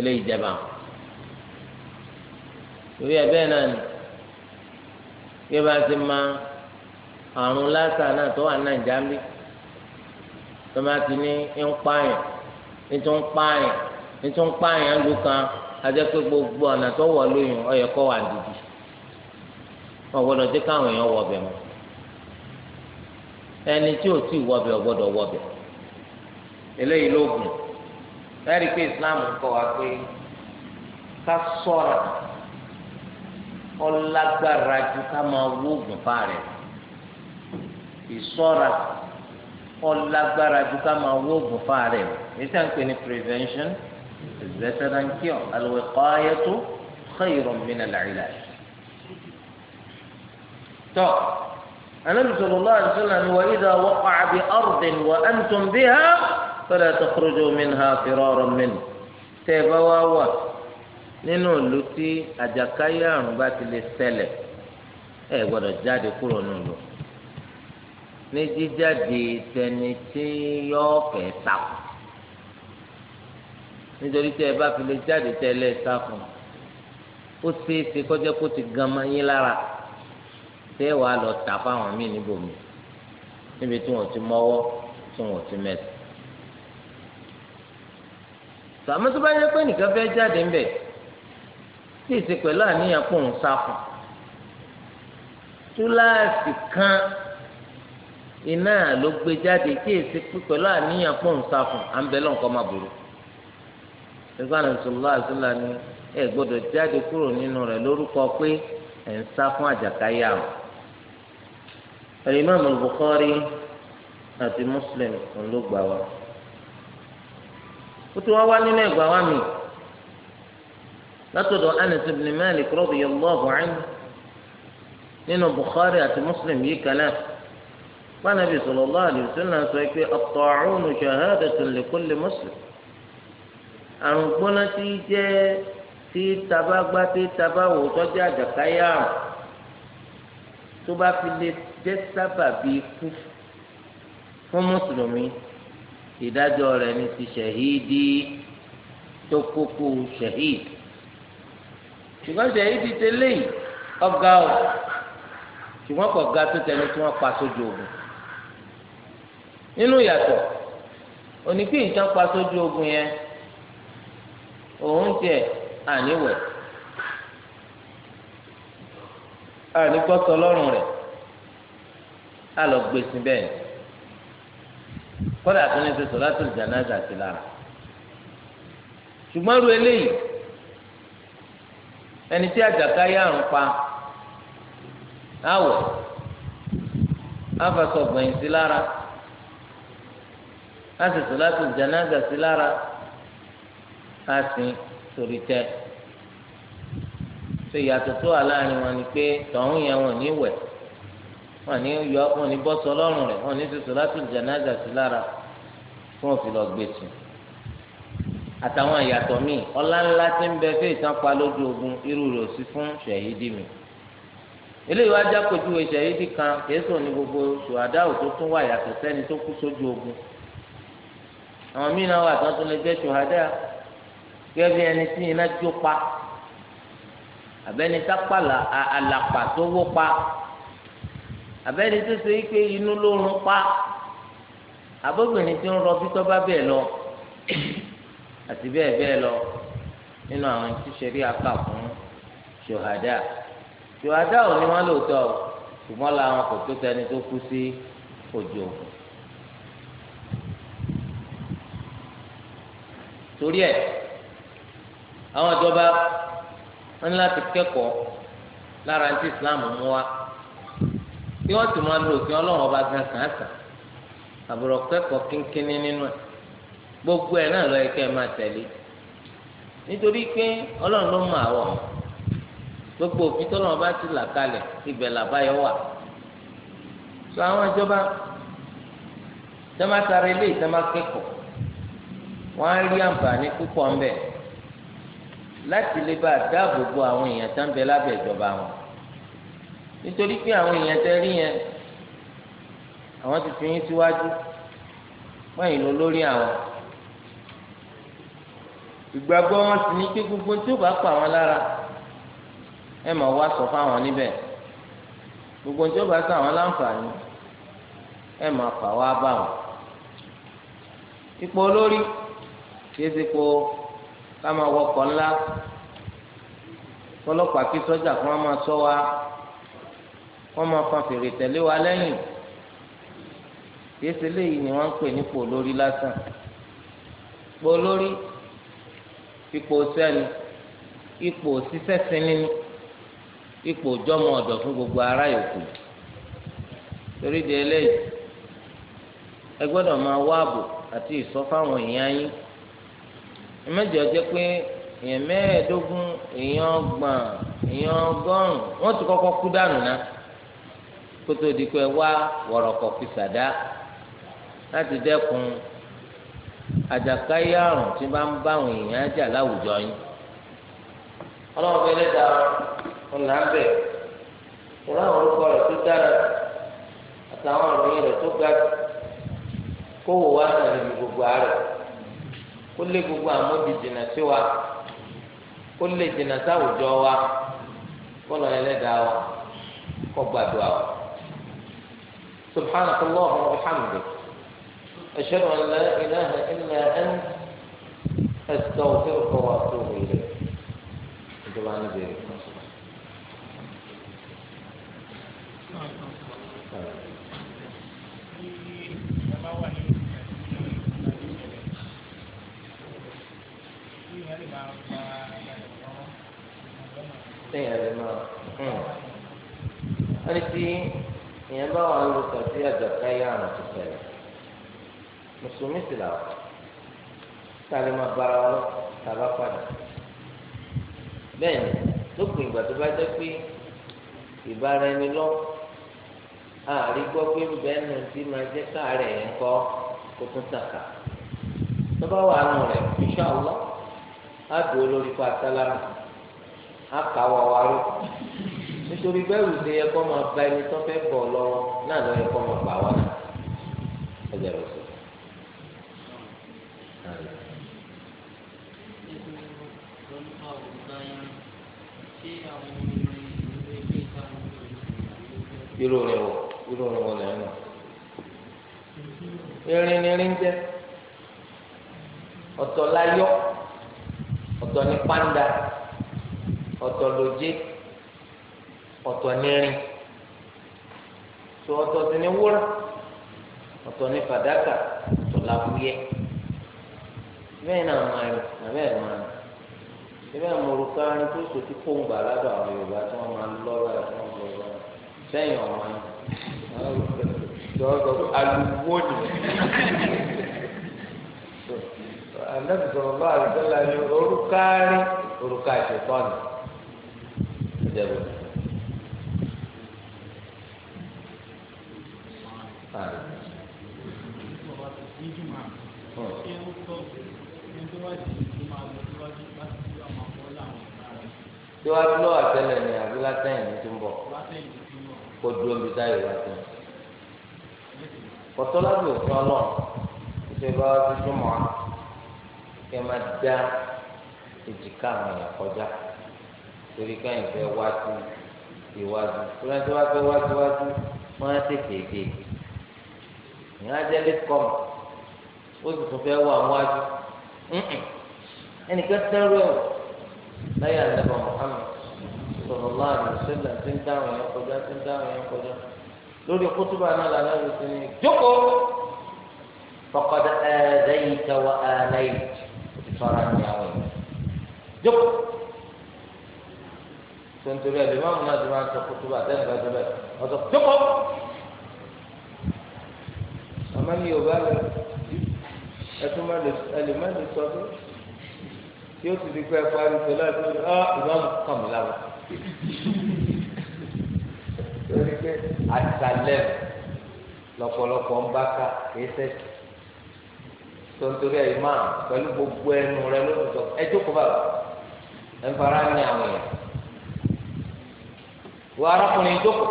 eléyìí jẹba lórí ẹ bẹ́ẹ̀ náà ni bí a ti ma àrùn lásà náà tó wà nàìjà ń bí tó ma ti ní ń pààyàn ní ló kan gbogbo ọ̀nà tó wọ̀ lóyún ọ̀yẹ̀ kọ́ wà dìdì wọ́n gbọ́dọ̀ dé káwọn èèyàn wọ̀ bẹ̀ ẹni tí ò wọ̀ bẹ̀ gbọ́dọ̀ wọ̀ bẹ̀ Islam kọ́ wa pé ká ọlágbára ju ká máa fa fáàrẹ̀ ìṣọ́ra ọlágbára ju ká máa wóògùn fáàrẹ̀ èyí tá à ń pè ní prevention is better than cure al-wiqayatu khayrun min al-ilaj. tọ́ النبي صلى الله عليه وسلم mi nà ha fi بها فلا تخرجوا منها فرارا منه wà. nínú ìlú tí àjàkáyé àrùn bá ti lè ṣẹlẹ̀ ẹ gbọ́dọ̀ jáde kúrò nílùú ní jíjáde tẹni tí yọọ fẹ́ takò nítorí tí ẹ bá fi lè jáde tẹ́lẹ̀ takò ó ṣeé ṣe kọjá kó ti gan máa yín lára tẹ́ wàá lọ tà fáwọn míì níbòmí níbi tí wọ́n ti mọ́wọ́ tí wọ́n ti mẹ́sì. sàmúsùbáyé pé nìkan fẹ́ jáde ńbẹ̀ tí ì ṣe pẹ̀lú àníyàn kò ń sá fún túláàsì kan iná ló gbé jáde tí ì ṣe pẹ̀lú àníyàn kò ń sá fún à ń bẹ lọ́nkọ́ má burú nígbà náà sọlá àṣìlá ni ẹ gbọ́dọ̀ jáde kúrò nínú rẹ̀ lórúkọ pé ẹ ń sá fún àjàkáyé àrùn Al-Imam Al-Bukhari àti Muslim ló gbà wá ó tún wá wá nínú ẹgbàá wá mi látọ̀dọ̀ Anas ibn Malik radiyallahu anhu nínú Bukhari àti Muslim yìí kan náà pànàbí sallallahu alaihi wasallam sọ pé at-ta'un shahadatun li kulli muslim àrùn gbóná tí í jẹ́ tí tabagbá tí tabawò tọ́jú àjàkáyà tó bá fi lè jẹ́ sábàbí ikú fún mùsùlùmí ìdájọ́ rẹ̀ ní ti ṣahidi tó kókó ṣahidi ṣùgbọ́n ṣe èyí ti tẹ́lẹ̀ yìí ọ̀gá o ṣùgbọ́n kò ga tó tẹni tí wọ́n pa sójú ogun nínú ìyàtọ̀ onípín nǹkan pa sójú ogun yẹn òun tiẹ̀ àníwẹ̀ àníkọ́sọ lọ́rùn rẹ̀ á lọ gbèsè bẹ́ẹ̀ kọ́dà tó ní sọ sọ́látù jánásà sí lára ṣùgbọ́n ru eléyìí. ẹni tí àjàká yà ń pa awọ afasọ gbẹ̀yìn sí lára asèsè láti jẹnáza sí lára asin sórí tẹ tó ìyàtọ̀ tó wà láàrin wọn ni pé tọ̀hún yẹn wọn ní wẹ̀ wọn ní yọ wọn ní bọ́sọ̀ ọlọ́run rẹ̀ wọn ní sèsè láti jẹnáza sí lára fún òfin lọ àtàwọn ìyàtọ̀ míì ọlá ńlá tí ń bẹ fún ìtànpá lójú ogun irú rẹ̀ sí fún ṣẹ̀yídì mi eléyìí wá jápèjúwe ṣẹ̀yídì kan kèésò ní gbogbo ṣùhàdáwò tó tún wà yàtọ̀ sẹ́ni tó kú sójú ogun àwọn míì náà wà tán tó lè jẹ́ ṣùhàdá gẹ́gẹ́ ẹni tí iná jó pa àbẹ́ni tápàlà àlàpà tó wó pa àbẹ́ni tó so yí pé inú ló rún pa àbóbìnrin tí ń rọbí tó àti bẹ́ẹ̀ bẹ́ẹ̀ lọ nínú àwọn tí sẹ́rí apá fún ṣòhádà ṣòhádà ò ní wọ́n lóòótọ́ ṣùgbọ́n làwọn kò tó tẹni tó kú sí òjò. torí ẹ̀ àwọn ìjọba wọn ní láti kẹ́kọ̀ọ́ lára ti Islam mú wa kí wọ́n ti máa lo òfin Ọlọ́run ọba gan kàn án sàn àbúrò kẹ́kọ̀ọ́ kínkínní nínú ẹ̀ gbogbo ẹ̀ náà lọ́ọ́ kẹ́ ẹ máa tẹ̀lé nítorí pé ọlọ́run ló mọ̀ àwọ̀ gbogbo òfin tọ́lọ́run bá ti là kalẹ̀ ibẹ̀ làbáyọ wà sọ àwọn ìjọba tẹ́mátara ilé ìtẹ́má kẹ́kọ̀ọ́ wọ́n á rí àǹfààní púpọ̀ ńbẹ̀ láti lè bá dáàbò bo àwọn èèyàn tá ń bẹ lábẹ́ ìjọba wọn nítorí pé àwọn èèyàn tẹ́ rí yẹn àwọn ti fi yín síwájú wọ́n yìí lọ lórí àwọn ìgbàgbọ́ wọn sì ní pé gbogbo tí ó bá pa wọn lára ẹ máa wá sọ fáwọn níbẹ̀ gbogbo tí ó bá sọ àwọn láǹfààní ẹ máa fà wá bá wọn. ipò olórí kìí ṣe po ká máa wọkọ̀ ńlá ọlọ́pàá kí sọ́jà kí wọ́n máa sọ wa wọ́n máa fa fèrè tẹ̀lé wa lẹ́yìn kìí ṣe léyìí ni wọ́n ń pè nípò olórí lásán. ipò olórí. ipò sẹ́nu, ipò sísẹ́ ni ipò òjọ́mọ ọ̀dọ̀ fún gbogbo ará yòókù torí di eléyìí ẹ gbọ́dọ̀ máa wá ààbò àti ìsọ fáwọn èèyàn yín ẹ̀mẹ́jọ jẹ́ pé èèyàn mẹ́ẹ̀ẹ́dógún èèyàn ọgbọ̀n èèyàn ọgọ́rùn-ún wọ́n ti kọ́kọ́ kú dànù ná kótó di pé wá wọ̀rọ̀kọ̀ fi sàdá láti dẹ́kun àjàkáyé àrùn tí bá ń bá àwọn èèyàn jà láwùjọ yín ọlọ́run fẹ́ lẹ́dà ọ̀nà àbẹ̀ òun àwọn orúkọ rẹ̀ tó dára àtàwọn ìròyìn rẹ̀ tó ga kó wò wá náà gbogbo a kó lé gbogbo àmójì sí wa kó lè sáwùjọ wa kó lọ wa kó gbàdúrà wa subhanahu wa أشهد أن لا إله إلا أنت أستغفرك وأتوب إليك طبعا أنت ẹni tí ìyẹn bá wà lóko àti àjàkáyà أنت tó fẹ́rẹ̀. mùsùlùmí sì làwọn sáré máa bára wọn lọ tàbá padà bẹ́ẹ̀ ni lópin ìgbà tó bá jẹ́ pé ìbára ẹni lọ àárí gbọ́ pé ń bẹ́ẹ̀ nù tí máa jẹ́ káàárẹ̀ yẹn kọ́ kó tún tàkà tó bá wà nù rẹ̀ insha Allah á dùn olórí fún atálára á kà wà wà ró nítorí bẹ́ẹ̀rù ṣe yẹ kó máa ba ẹni tó fẹ́ bọ̀ lọ́wọ́ náà lọ́ yẹ kó máa bà wá náà ẹ̀jẹ̀ rẹ̀ sọ. irú rẹ̀ wọ̀ irú rẹ̀ wọ̀ lẹ́yìn irin ni irin jẹ́ ọ̀tọ̀ láyọ̀ ọ̀tọ̀ ni panda, ọ̀tọ̀ lòjé ọ̀tọ̀ nírin tó ọ̀tọ̀ sì ní wúrà ọ̀tọ̀ ni fàdákà ọ̀tọ̀ làwúyẹ bẹ́ẹ̀ náà máa yọ àbẹ́ẹ̀ máa yọ síbẹ̀ mo rò ká ní tó so ti kó ń gbà ládàá àwọn Yorùbá tí wọ́n máa lọ́ra ẹ̀ fún ọ̀gbọ̀n sẹ́yìn ọmọ yìí alùpùpù ni anabisọ̀rọ̀ bá àlùfẹ́lá ni orúkárí orúkà ìṣètọ́nù ìjẹ̀bù. tí wàá lọ àtẹlẹ ní àbí látẹ̀yìn tó ń bọ̀. látẹ̀yìn kó dúró níbi táyọ̀ wá sí. kọ́tọ́lábì òfin ọlọ́run ṣe bá wá sí túmọ̀ á kí ẹ máa dá èjìká àwọn èèyàn kọjá torí káyìn fẹ́ wá sí iwájú torí ẹni tó bá fẹ́ wá síwájú wọ́n á tètè dé ìyẹn á jẹ́ ó sì tún fẹ́ wá wájú ẹnìkan tẹ́rù ẹ̀ láyé àdàbọ̀ Muhammad sọ̀rọ̀ láàrin ṣẹlẹ̀ tí ń dáhùn yẹn kọjá tí ń dáhùn yẹn kọjá lórí kótóbá náà lànà yóò ti ní jókòó fọkọdà ẹ̀ẹ́dẹ́yìí tẹwọ́ ẹ̀ẹ́dẹ́yìí ti fara ní àwọn yẹn jókòó tontori ẹ̀dùn máa ń múná dùn máa ń sọ kótóbá tẹ́lẹ̀ bá dùn bẹ́ẹ̀ ọ̀sọ̀ jókòó àmọ́ ní yorùbá lọ ẹtún má lè ẹlẹ́ má lè sọ bẹ́ẹ̀ yóò ti di pé ẹ parí sọ láti ọ ìbámu kàn mí lára. lórí pé àtàlẹ́ lọ̀pọ̀lọpọ̀ ń bá ká kéésẹ́ tó ń torí ẹ̀yìn máa pẹ̀lú gbogbo ẹnu rẹ lóòótọ́ ẹjọ́ kó bàbá ẹ̀ ń fara ní àwọn èèyàn wọ arákùnrin ìjókòó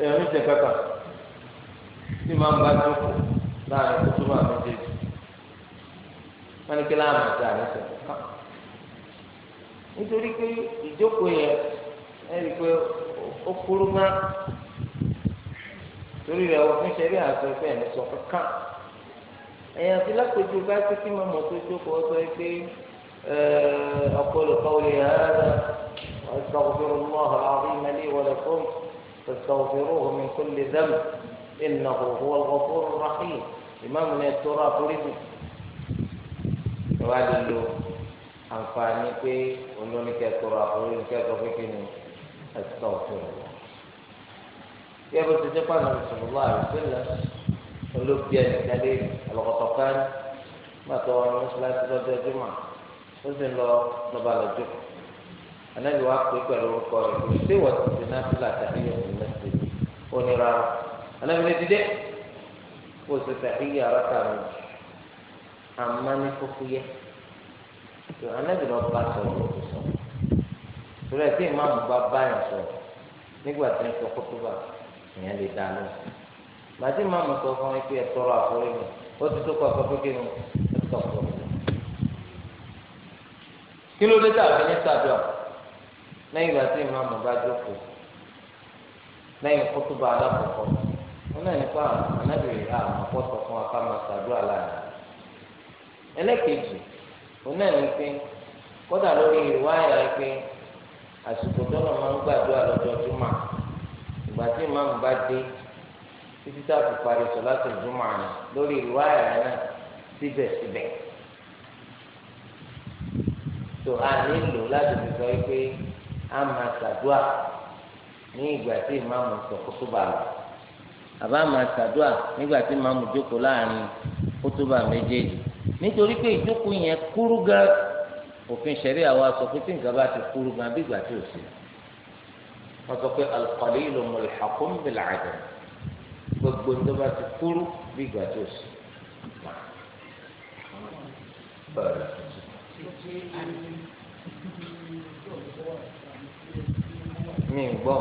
èèyàn ní ṣe kàkà tí màá bá jókòó láàrin kótó máa méjèèjì wọn ní kí láàmú àti àrẹ ṣe kàkà nítorí pé ìjókòó yẹn ẹ rí i pé ó kúrú ná torí rẹ òfin ṣe rí àtọ ìfẹ́ ẹni sọ kàkà ẹ̀yìn àti lápẹjù bá ti kí màmá tó jókòó ọsọ yìí pé ọkọ olùkọ́ wòlíì rárá. واستغفر الله العظيم لي ولكم فاستغفروه من كل ذنب إنه هو الغفور الرحيم إمامنا الترى فريد وقال له أنفعني كي ولوني كي الترى فريد كي أستغفر الله يا أبو تجيبان رسول الله عليه وسلم olóbi ẹnìkadé ọlọ́kọ̀tọ̀kan má tọwọ́ ní mọ́ṣáláṣí لا jùmọ̀ ó sì ń lọ anabi wa pè pẹ̀lú orúkọ rẹ̀ kò sí wọ́n ti ti náà fúlà tàbí yẹn ti náà ti onira anabi ní dídé kò sí tàbí yẹn ara kà mí àmà ní kókó yẹ tó anabi lọ bá sọ̀rọ̀ ló sọ torí ẹ̀ tí ìmáàmù bá báyà sọ nígbà tí ń sọ kótóbà ìyẹn lè dá lọ màtí ìmáàmù sọ fún ẹ tọrọ àforí mi ó ti tó kọ àkọ́ kí ni ẹ tọ̀ fún mi kí ló dé tàbí ní sàdúrà lẹ́yìn ìgbà tí ìmáàmù bá jókòó lẹ́yìn kótóbá alákọ̀ọ́kọ́ wọn náà nípa anábìrì àwọn àpọ̀tọ̀ fún wa ká máa ṣàdúrà láàrin ẹlẹ́kejì wọn náà ní pé kódà lórí ìwáyà pé àsìkò tọ́nà máa ń gbàdúrà lọ́jọ́ júmọ̀ ìgbà tí ìmáàmù bá dé títí tá a fi parí sọ̀láṣì júmọ̀ àná lórí ìwáyà náà síbẹ̀síbẹ̀ tó a nílò láti fi sọ pé á máa ṣàdúà ní ìgbà tí ìmáàmù sọ kútúbà lọ àbá máa ṣàdúà nígbà tí ìmáàmù jókòó láàrin kútúbà méjèèjì nítorí pé ìjókòó yẹn kúrú gan òfin ṣẹ̀rí àwa sọ pé tí nǹkan bá ti kúrú gan bí ìgbà tí ò sí wọn sọ pé al-qalilu mulhaqun bil-'adam gbogbo tó bá ti kúrú bí ìgbà tí ò sí. Bẹ́ẹ̀ni mi ń gbọ́.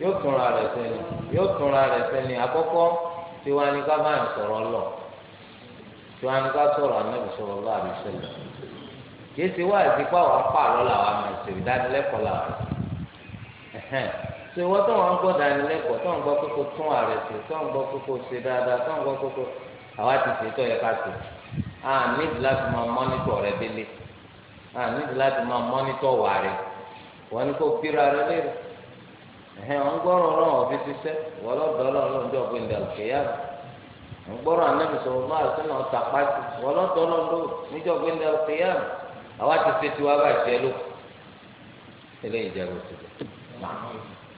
yóò túnra rẹ̀ sẹ́ni yóò túnra rẹ̀ sẹ́ni àkọ́kọ́ tiwa ni ká bá ń sọ̀rọ̀ lọ tiwa ni ká sọ̀rọ̀ anábì sọ̀rọ̀ lọ àbí sẹ́lẹ̀ kì í ti wá ìdípá wa pa lọ́la wa máa ṣe ìdánilẹ́kọ̀ọ́ la wa. so ìwọ tó wọn gbọ́ dánilẹ́kọ̀ọ́ tó ń gbọ́ kókó tún ààrẹ sí tó ń gbọ́ kókó ṣe dáadáa tó ń gbọ́ kókó àwa ti ṣe tó yẹ ká ṣe à níbi láti máa mọ́nítọ̀ rẹ délé à níbi láti máa mọ́nítọ̀ wà rẹ wọn ni kò bíra rẹ léèrè ẹ̀hẹ́n wọn gbọ́rọ̀ ọlọ́run ọ̀fi ṣiṣẹ́ lọ́dọ̀ ọlọ́run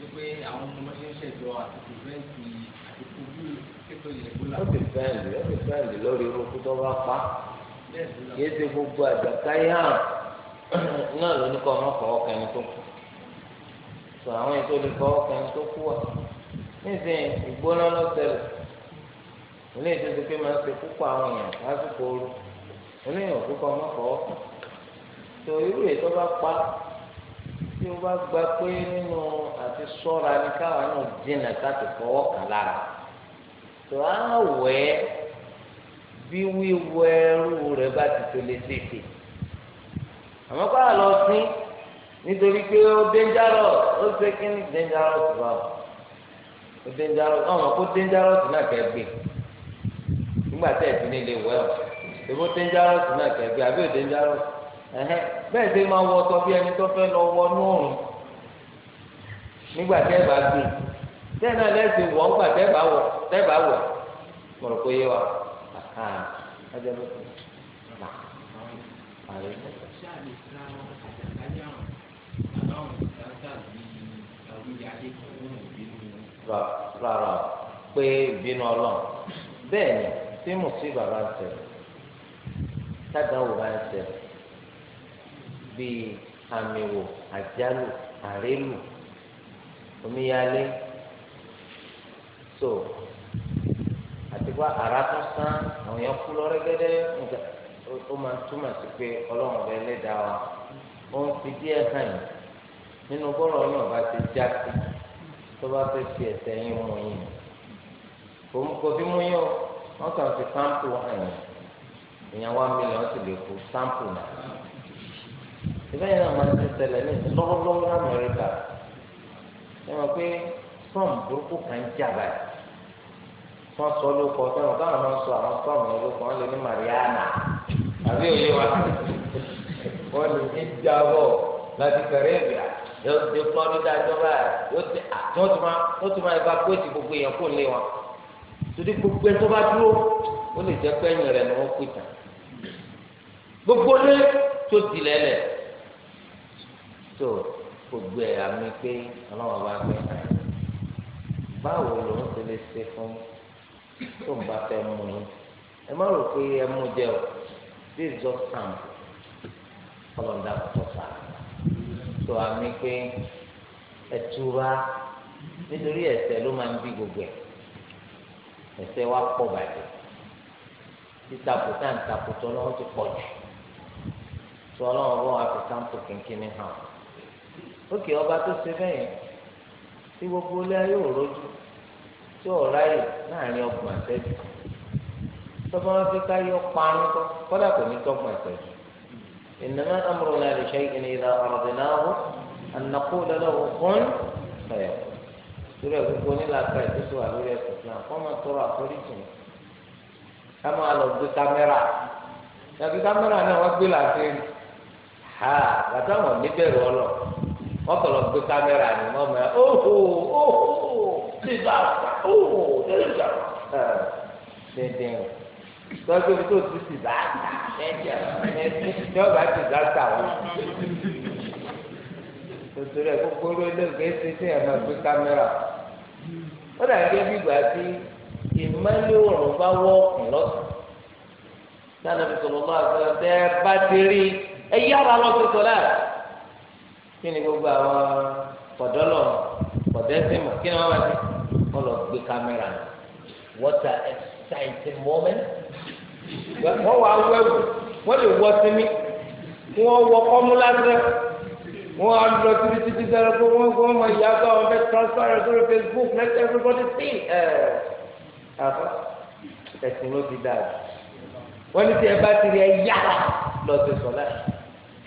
wípé àwọn ọmọ ṣe ń ṣèjọ àti ìfẹ́ǹtì àti kojú kékeré yẹn kó là. ó ti fẹ́ǹdì ó ti fẹ́ǹdì lórí irúkú tó bá pa kì í ṣe gbogbo àjàkáyé hàn náà ló ní kọ́ ọmọ fọwọ́ kẹni tó kù sọ àwọn ètò lè fọwọ́ kẹni tó kù wà nísìnyí ìgbóná ló ilé ìtòsí pé máa ń ṣe púpọ̀ àwọn èèyàn lásìkò ooru oníyàn òkú ọmọ fọwọ́ kàn tó irú ètò bá pa tí wọ́n bá gba pé nínú àti sọ́ra ní káwọn náà dínà káàtó fọwọ́ kàn lára tó á wẹ̀ ẹ́ bí wíwọ ẹrú rẹ̀ bá ti tó lé tètè àmọ́ káà lọ sí nítorí pé ó dangerous ó ṣe kí ni dangerous wà ó dangerous ọmọ kó dangerous náà kẹ́ gbé nígbà tẹ̀ ẹ̀ ti ní ilé wẹ̀ ọ́ èbó dangerous náà kẹ́ gbé àbí ò dangerous. bẹ́ẹ̀ ṣe máa wọ ọtọ bí ẹni tó fẹ́ lọ wọ inú nígbà tẹ́ bá gbé bẹ́ẹ̀ náà lẹ́sìn wọ̀ ńgbà tẹ́ bá wọ̀ tẹ́ wọ̀ mọ̀rọ̀ pé yé wa ẹjẹ ló kù nà rárá pé ìbínú ọlọ́run bẹ́ẹ̀ ni tí mo bàbá ń bá ń bíi àmìwò àjálù àrélù omíyalé so àti wá ara tó sán àwọn èèyàn kú lọ́rẹ́gẹ́dẹ́ ó máa túmọ̀ sí pé ọlọ́run rẹ lẹ́dàá wa ó ń fi díẹ̀ hàn yín nínú bọ́ọ̀rọ̀ náà bá ti já sí tó bá fẹ́ fi ẹ̀sẹ̀ yín mú yín kò fi mú yín o wọ́n kàn fi sáǹpù hàn yín èèyàn wá mílíọ̀nù sì lè kú sáǹpù náà ìbẹ́yìn náà máa ń tún ṣẹlẹ̀ ní lọ́wọ́lọ́wọ́ amẹ́ríkà ẹ mọ̀ pé storm burúkú kan jà báyìí wọ́n sọ lóko ọ̀tọ́nù káwọn máa ń sọ àwọn storm yẹn lóko lè ní mariana àbí òye wa wọ́n lè ní jábọ̀ láti kẹrẹ́bìà yóò dé florida jọba yóò dé àti wọ́n ti máa wọ́n ti máa ẹ bá péjì gbogbo èèyàn kò lé wọn torí gbogbo ẹ tó bá dúró ó lè jẹ́ pé rẹ̀ ni wọ́n pè tán gbogbo lé tó dilẹ̀ lẹ̀ tó gbogbo ẹ̀ àmì pé ọlọ́run bá fẹ́ báwo ló ń ṣe lè ṣe fún tó ń bá fẹ́ mú un ẹ má rò pé ẹ mú jẹ o this is just time ọlọ́run dà pọ̀ fà tó àmì pé ẹ túra nítorí ẹ̀ṣẹ̀ ló máa ń bí gbogbo ẹ̀ ẹ̀ṣẹ̀ wa pọ̀ bàjẹ́ títakò tá tó lọ́wọ́ ti pọ̀ jù tó ọlọ́run bọ́ àfi sáǹpù kínkínní hàn òkè ọba tó ṣe bẹ́ẹ̀ tí gbogbo ilé ayé ò rojú tí ò ráyè láàrin ọgbọ̀n àtẹ́jú tọ́ba wọn fi káyọ parun kọ́ kọ́dà kò ní tọ́gbọ̀n àtẹ́jú ìnáwó amúrúnà lè ṣe ìkíni ìlà ọ̀rọ̀dìnnáwó ànàkóòlà lọ́wọ́ fún ẹ̀yọ̀ lórí ẹ̀ gbogbo nílàkà ìtútù wà lórí ẹ̀sìn náà kọ́ máa tọrọ àforíjì ká máa lọ gbé kámẹ́rà tàbí kámẹ́rà náà wọ́n gbé làásì ha bàtà níbẹ̀rù ọlọ́ọ̀ wọ́n kọ̀ lọ gbé kámẹ́rà ni wọ́n mọ̀ ọ́hó ọ́hó nígbà ọ́hó nígbà dẹ́ndẹ́n tọ́jú omi tó ti ti bá ta ẹ̀jẹ̀ ní ọba ti dá ta wọn. Tòtòrò ẹ̀ gbogbo ló lé òkè ṣe ṣe ẹ̀ máa gbé kámẹ́rà. Ó dà gẹ́gẹ́ bí ìgbà tí ìmọ̀lẹ́ òrùn bá wọ́ ìlọ́sàn. Sáà nàbì sọ̀rọ̀ sọ ẹ bá ti rí ẹ yára lọ sí sọ̀rọ̀ kí ni gbogbo àwọn pọ̀dọ́lọ̀ pọ̀dẹ́sìmù kí ni wọ́n máa wọ́n lọ gbé kámẹ́rà nù what an exciting moment wọ́n wá wẹ́wù wọ́n lè wọ́ sí mi wọ́n wọ kọ́mú lásán wọ́n á lọ títí títí sẹ́rẹ̀ pé wọ́n gbọ́ ìyá gbọ́ ọmọ bẹ́ẹ̀ transfer ẹ̀ sórí Facebook let everybody see ẹ̀ àbá ẹ̀sìn ló ti dáa wọ́n ní tí bá ti rí ẹ yára lọ sọ́lá yìí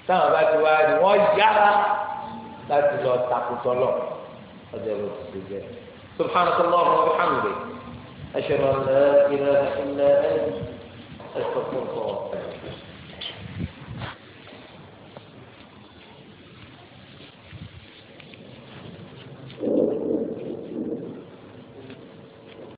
táwọn bá ti wá ni wọ́n yára láti lọ takùtọ̀ lọ ọjọ́ ló ti jẹ́ subhanahu wa ta'ala wa bihamdi ashhadu an la ilaha illa anta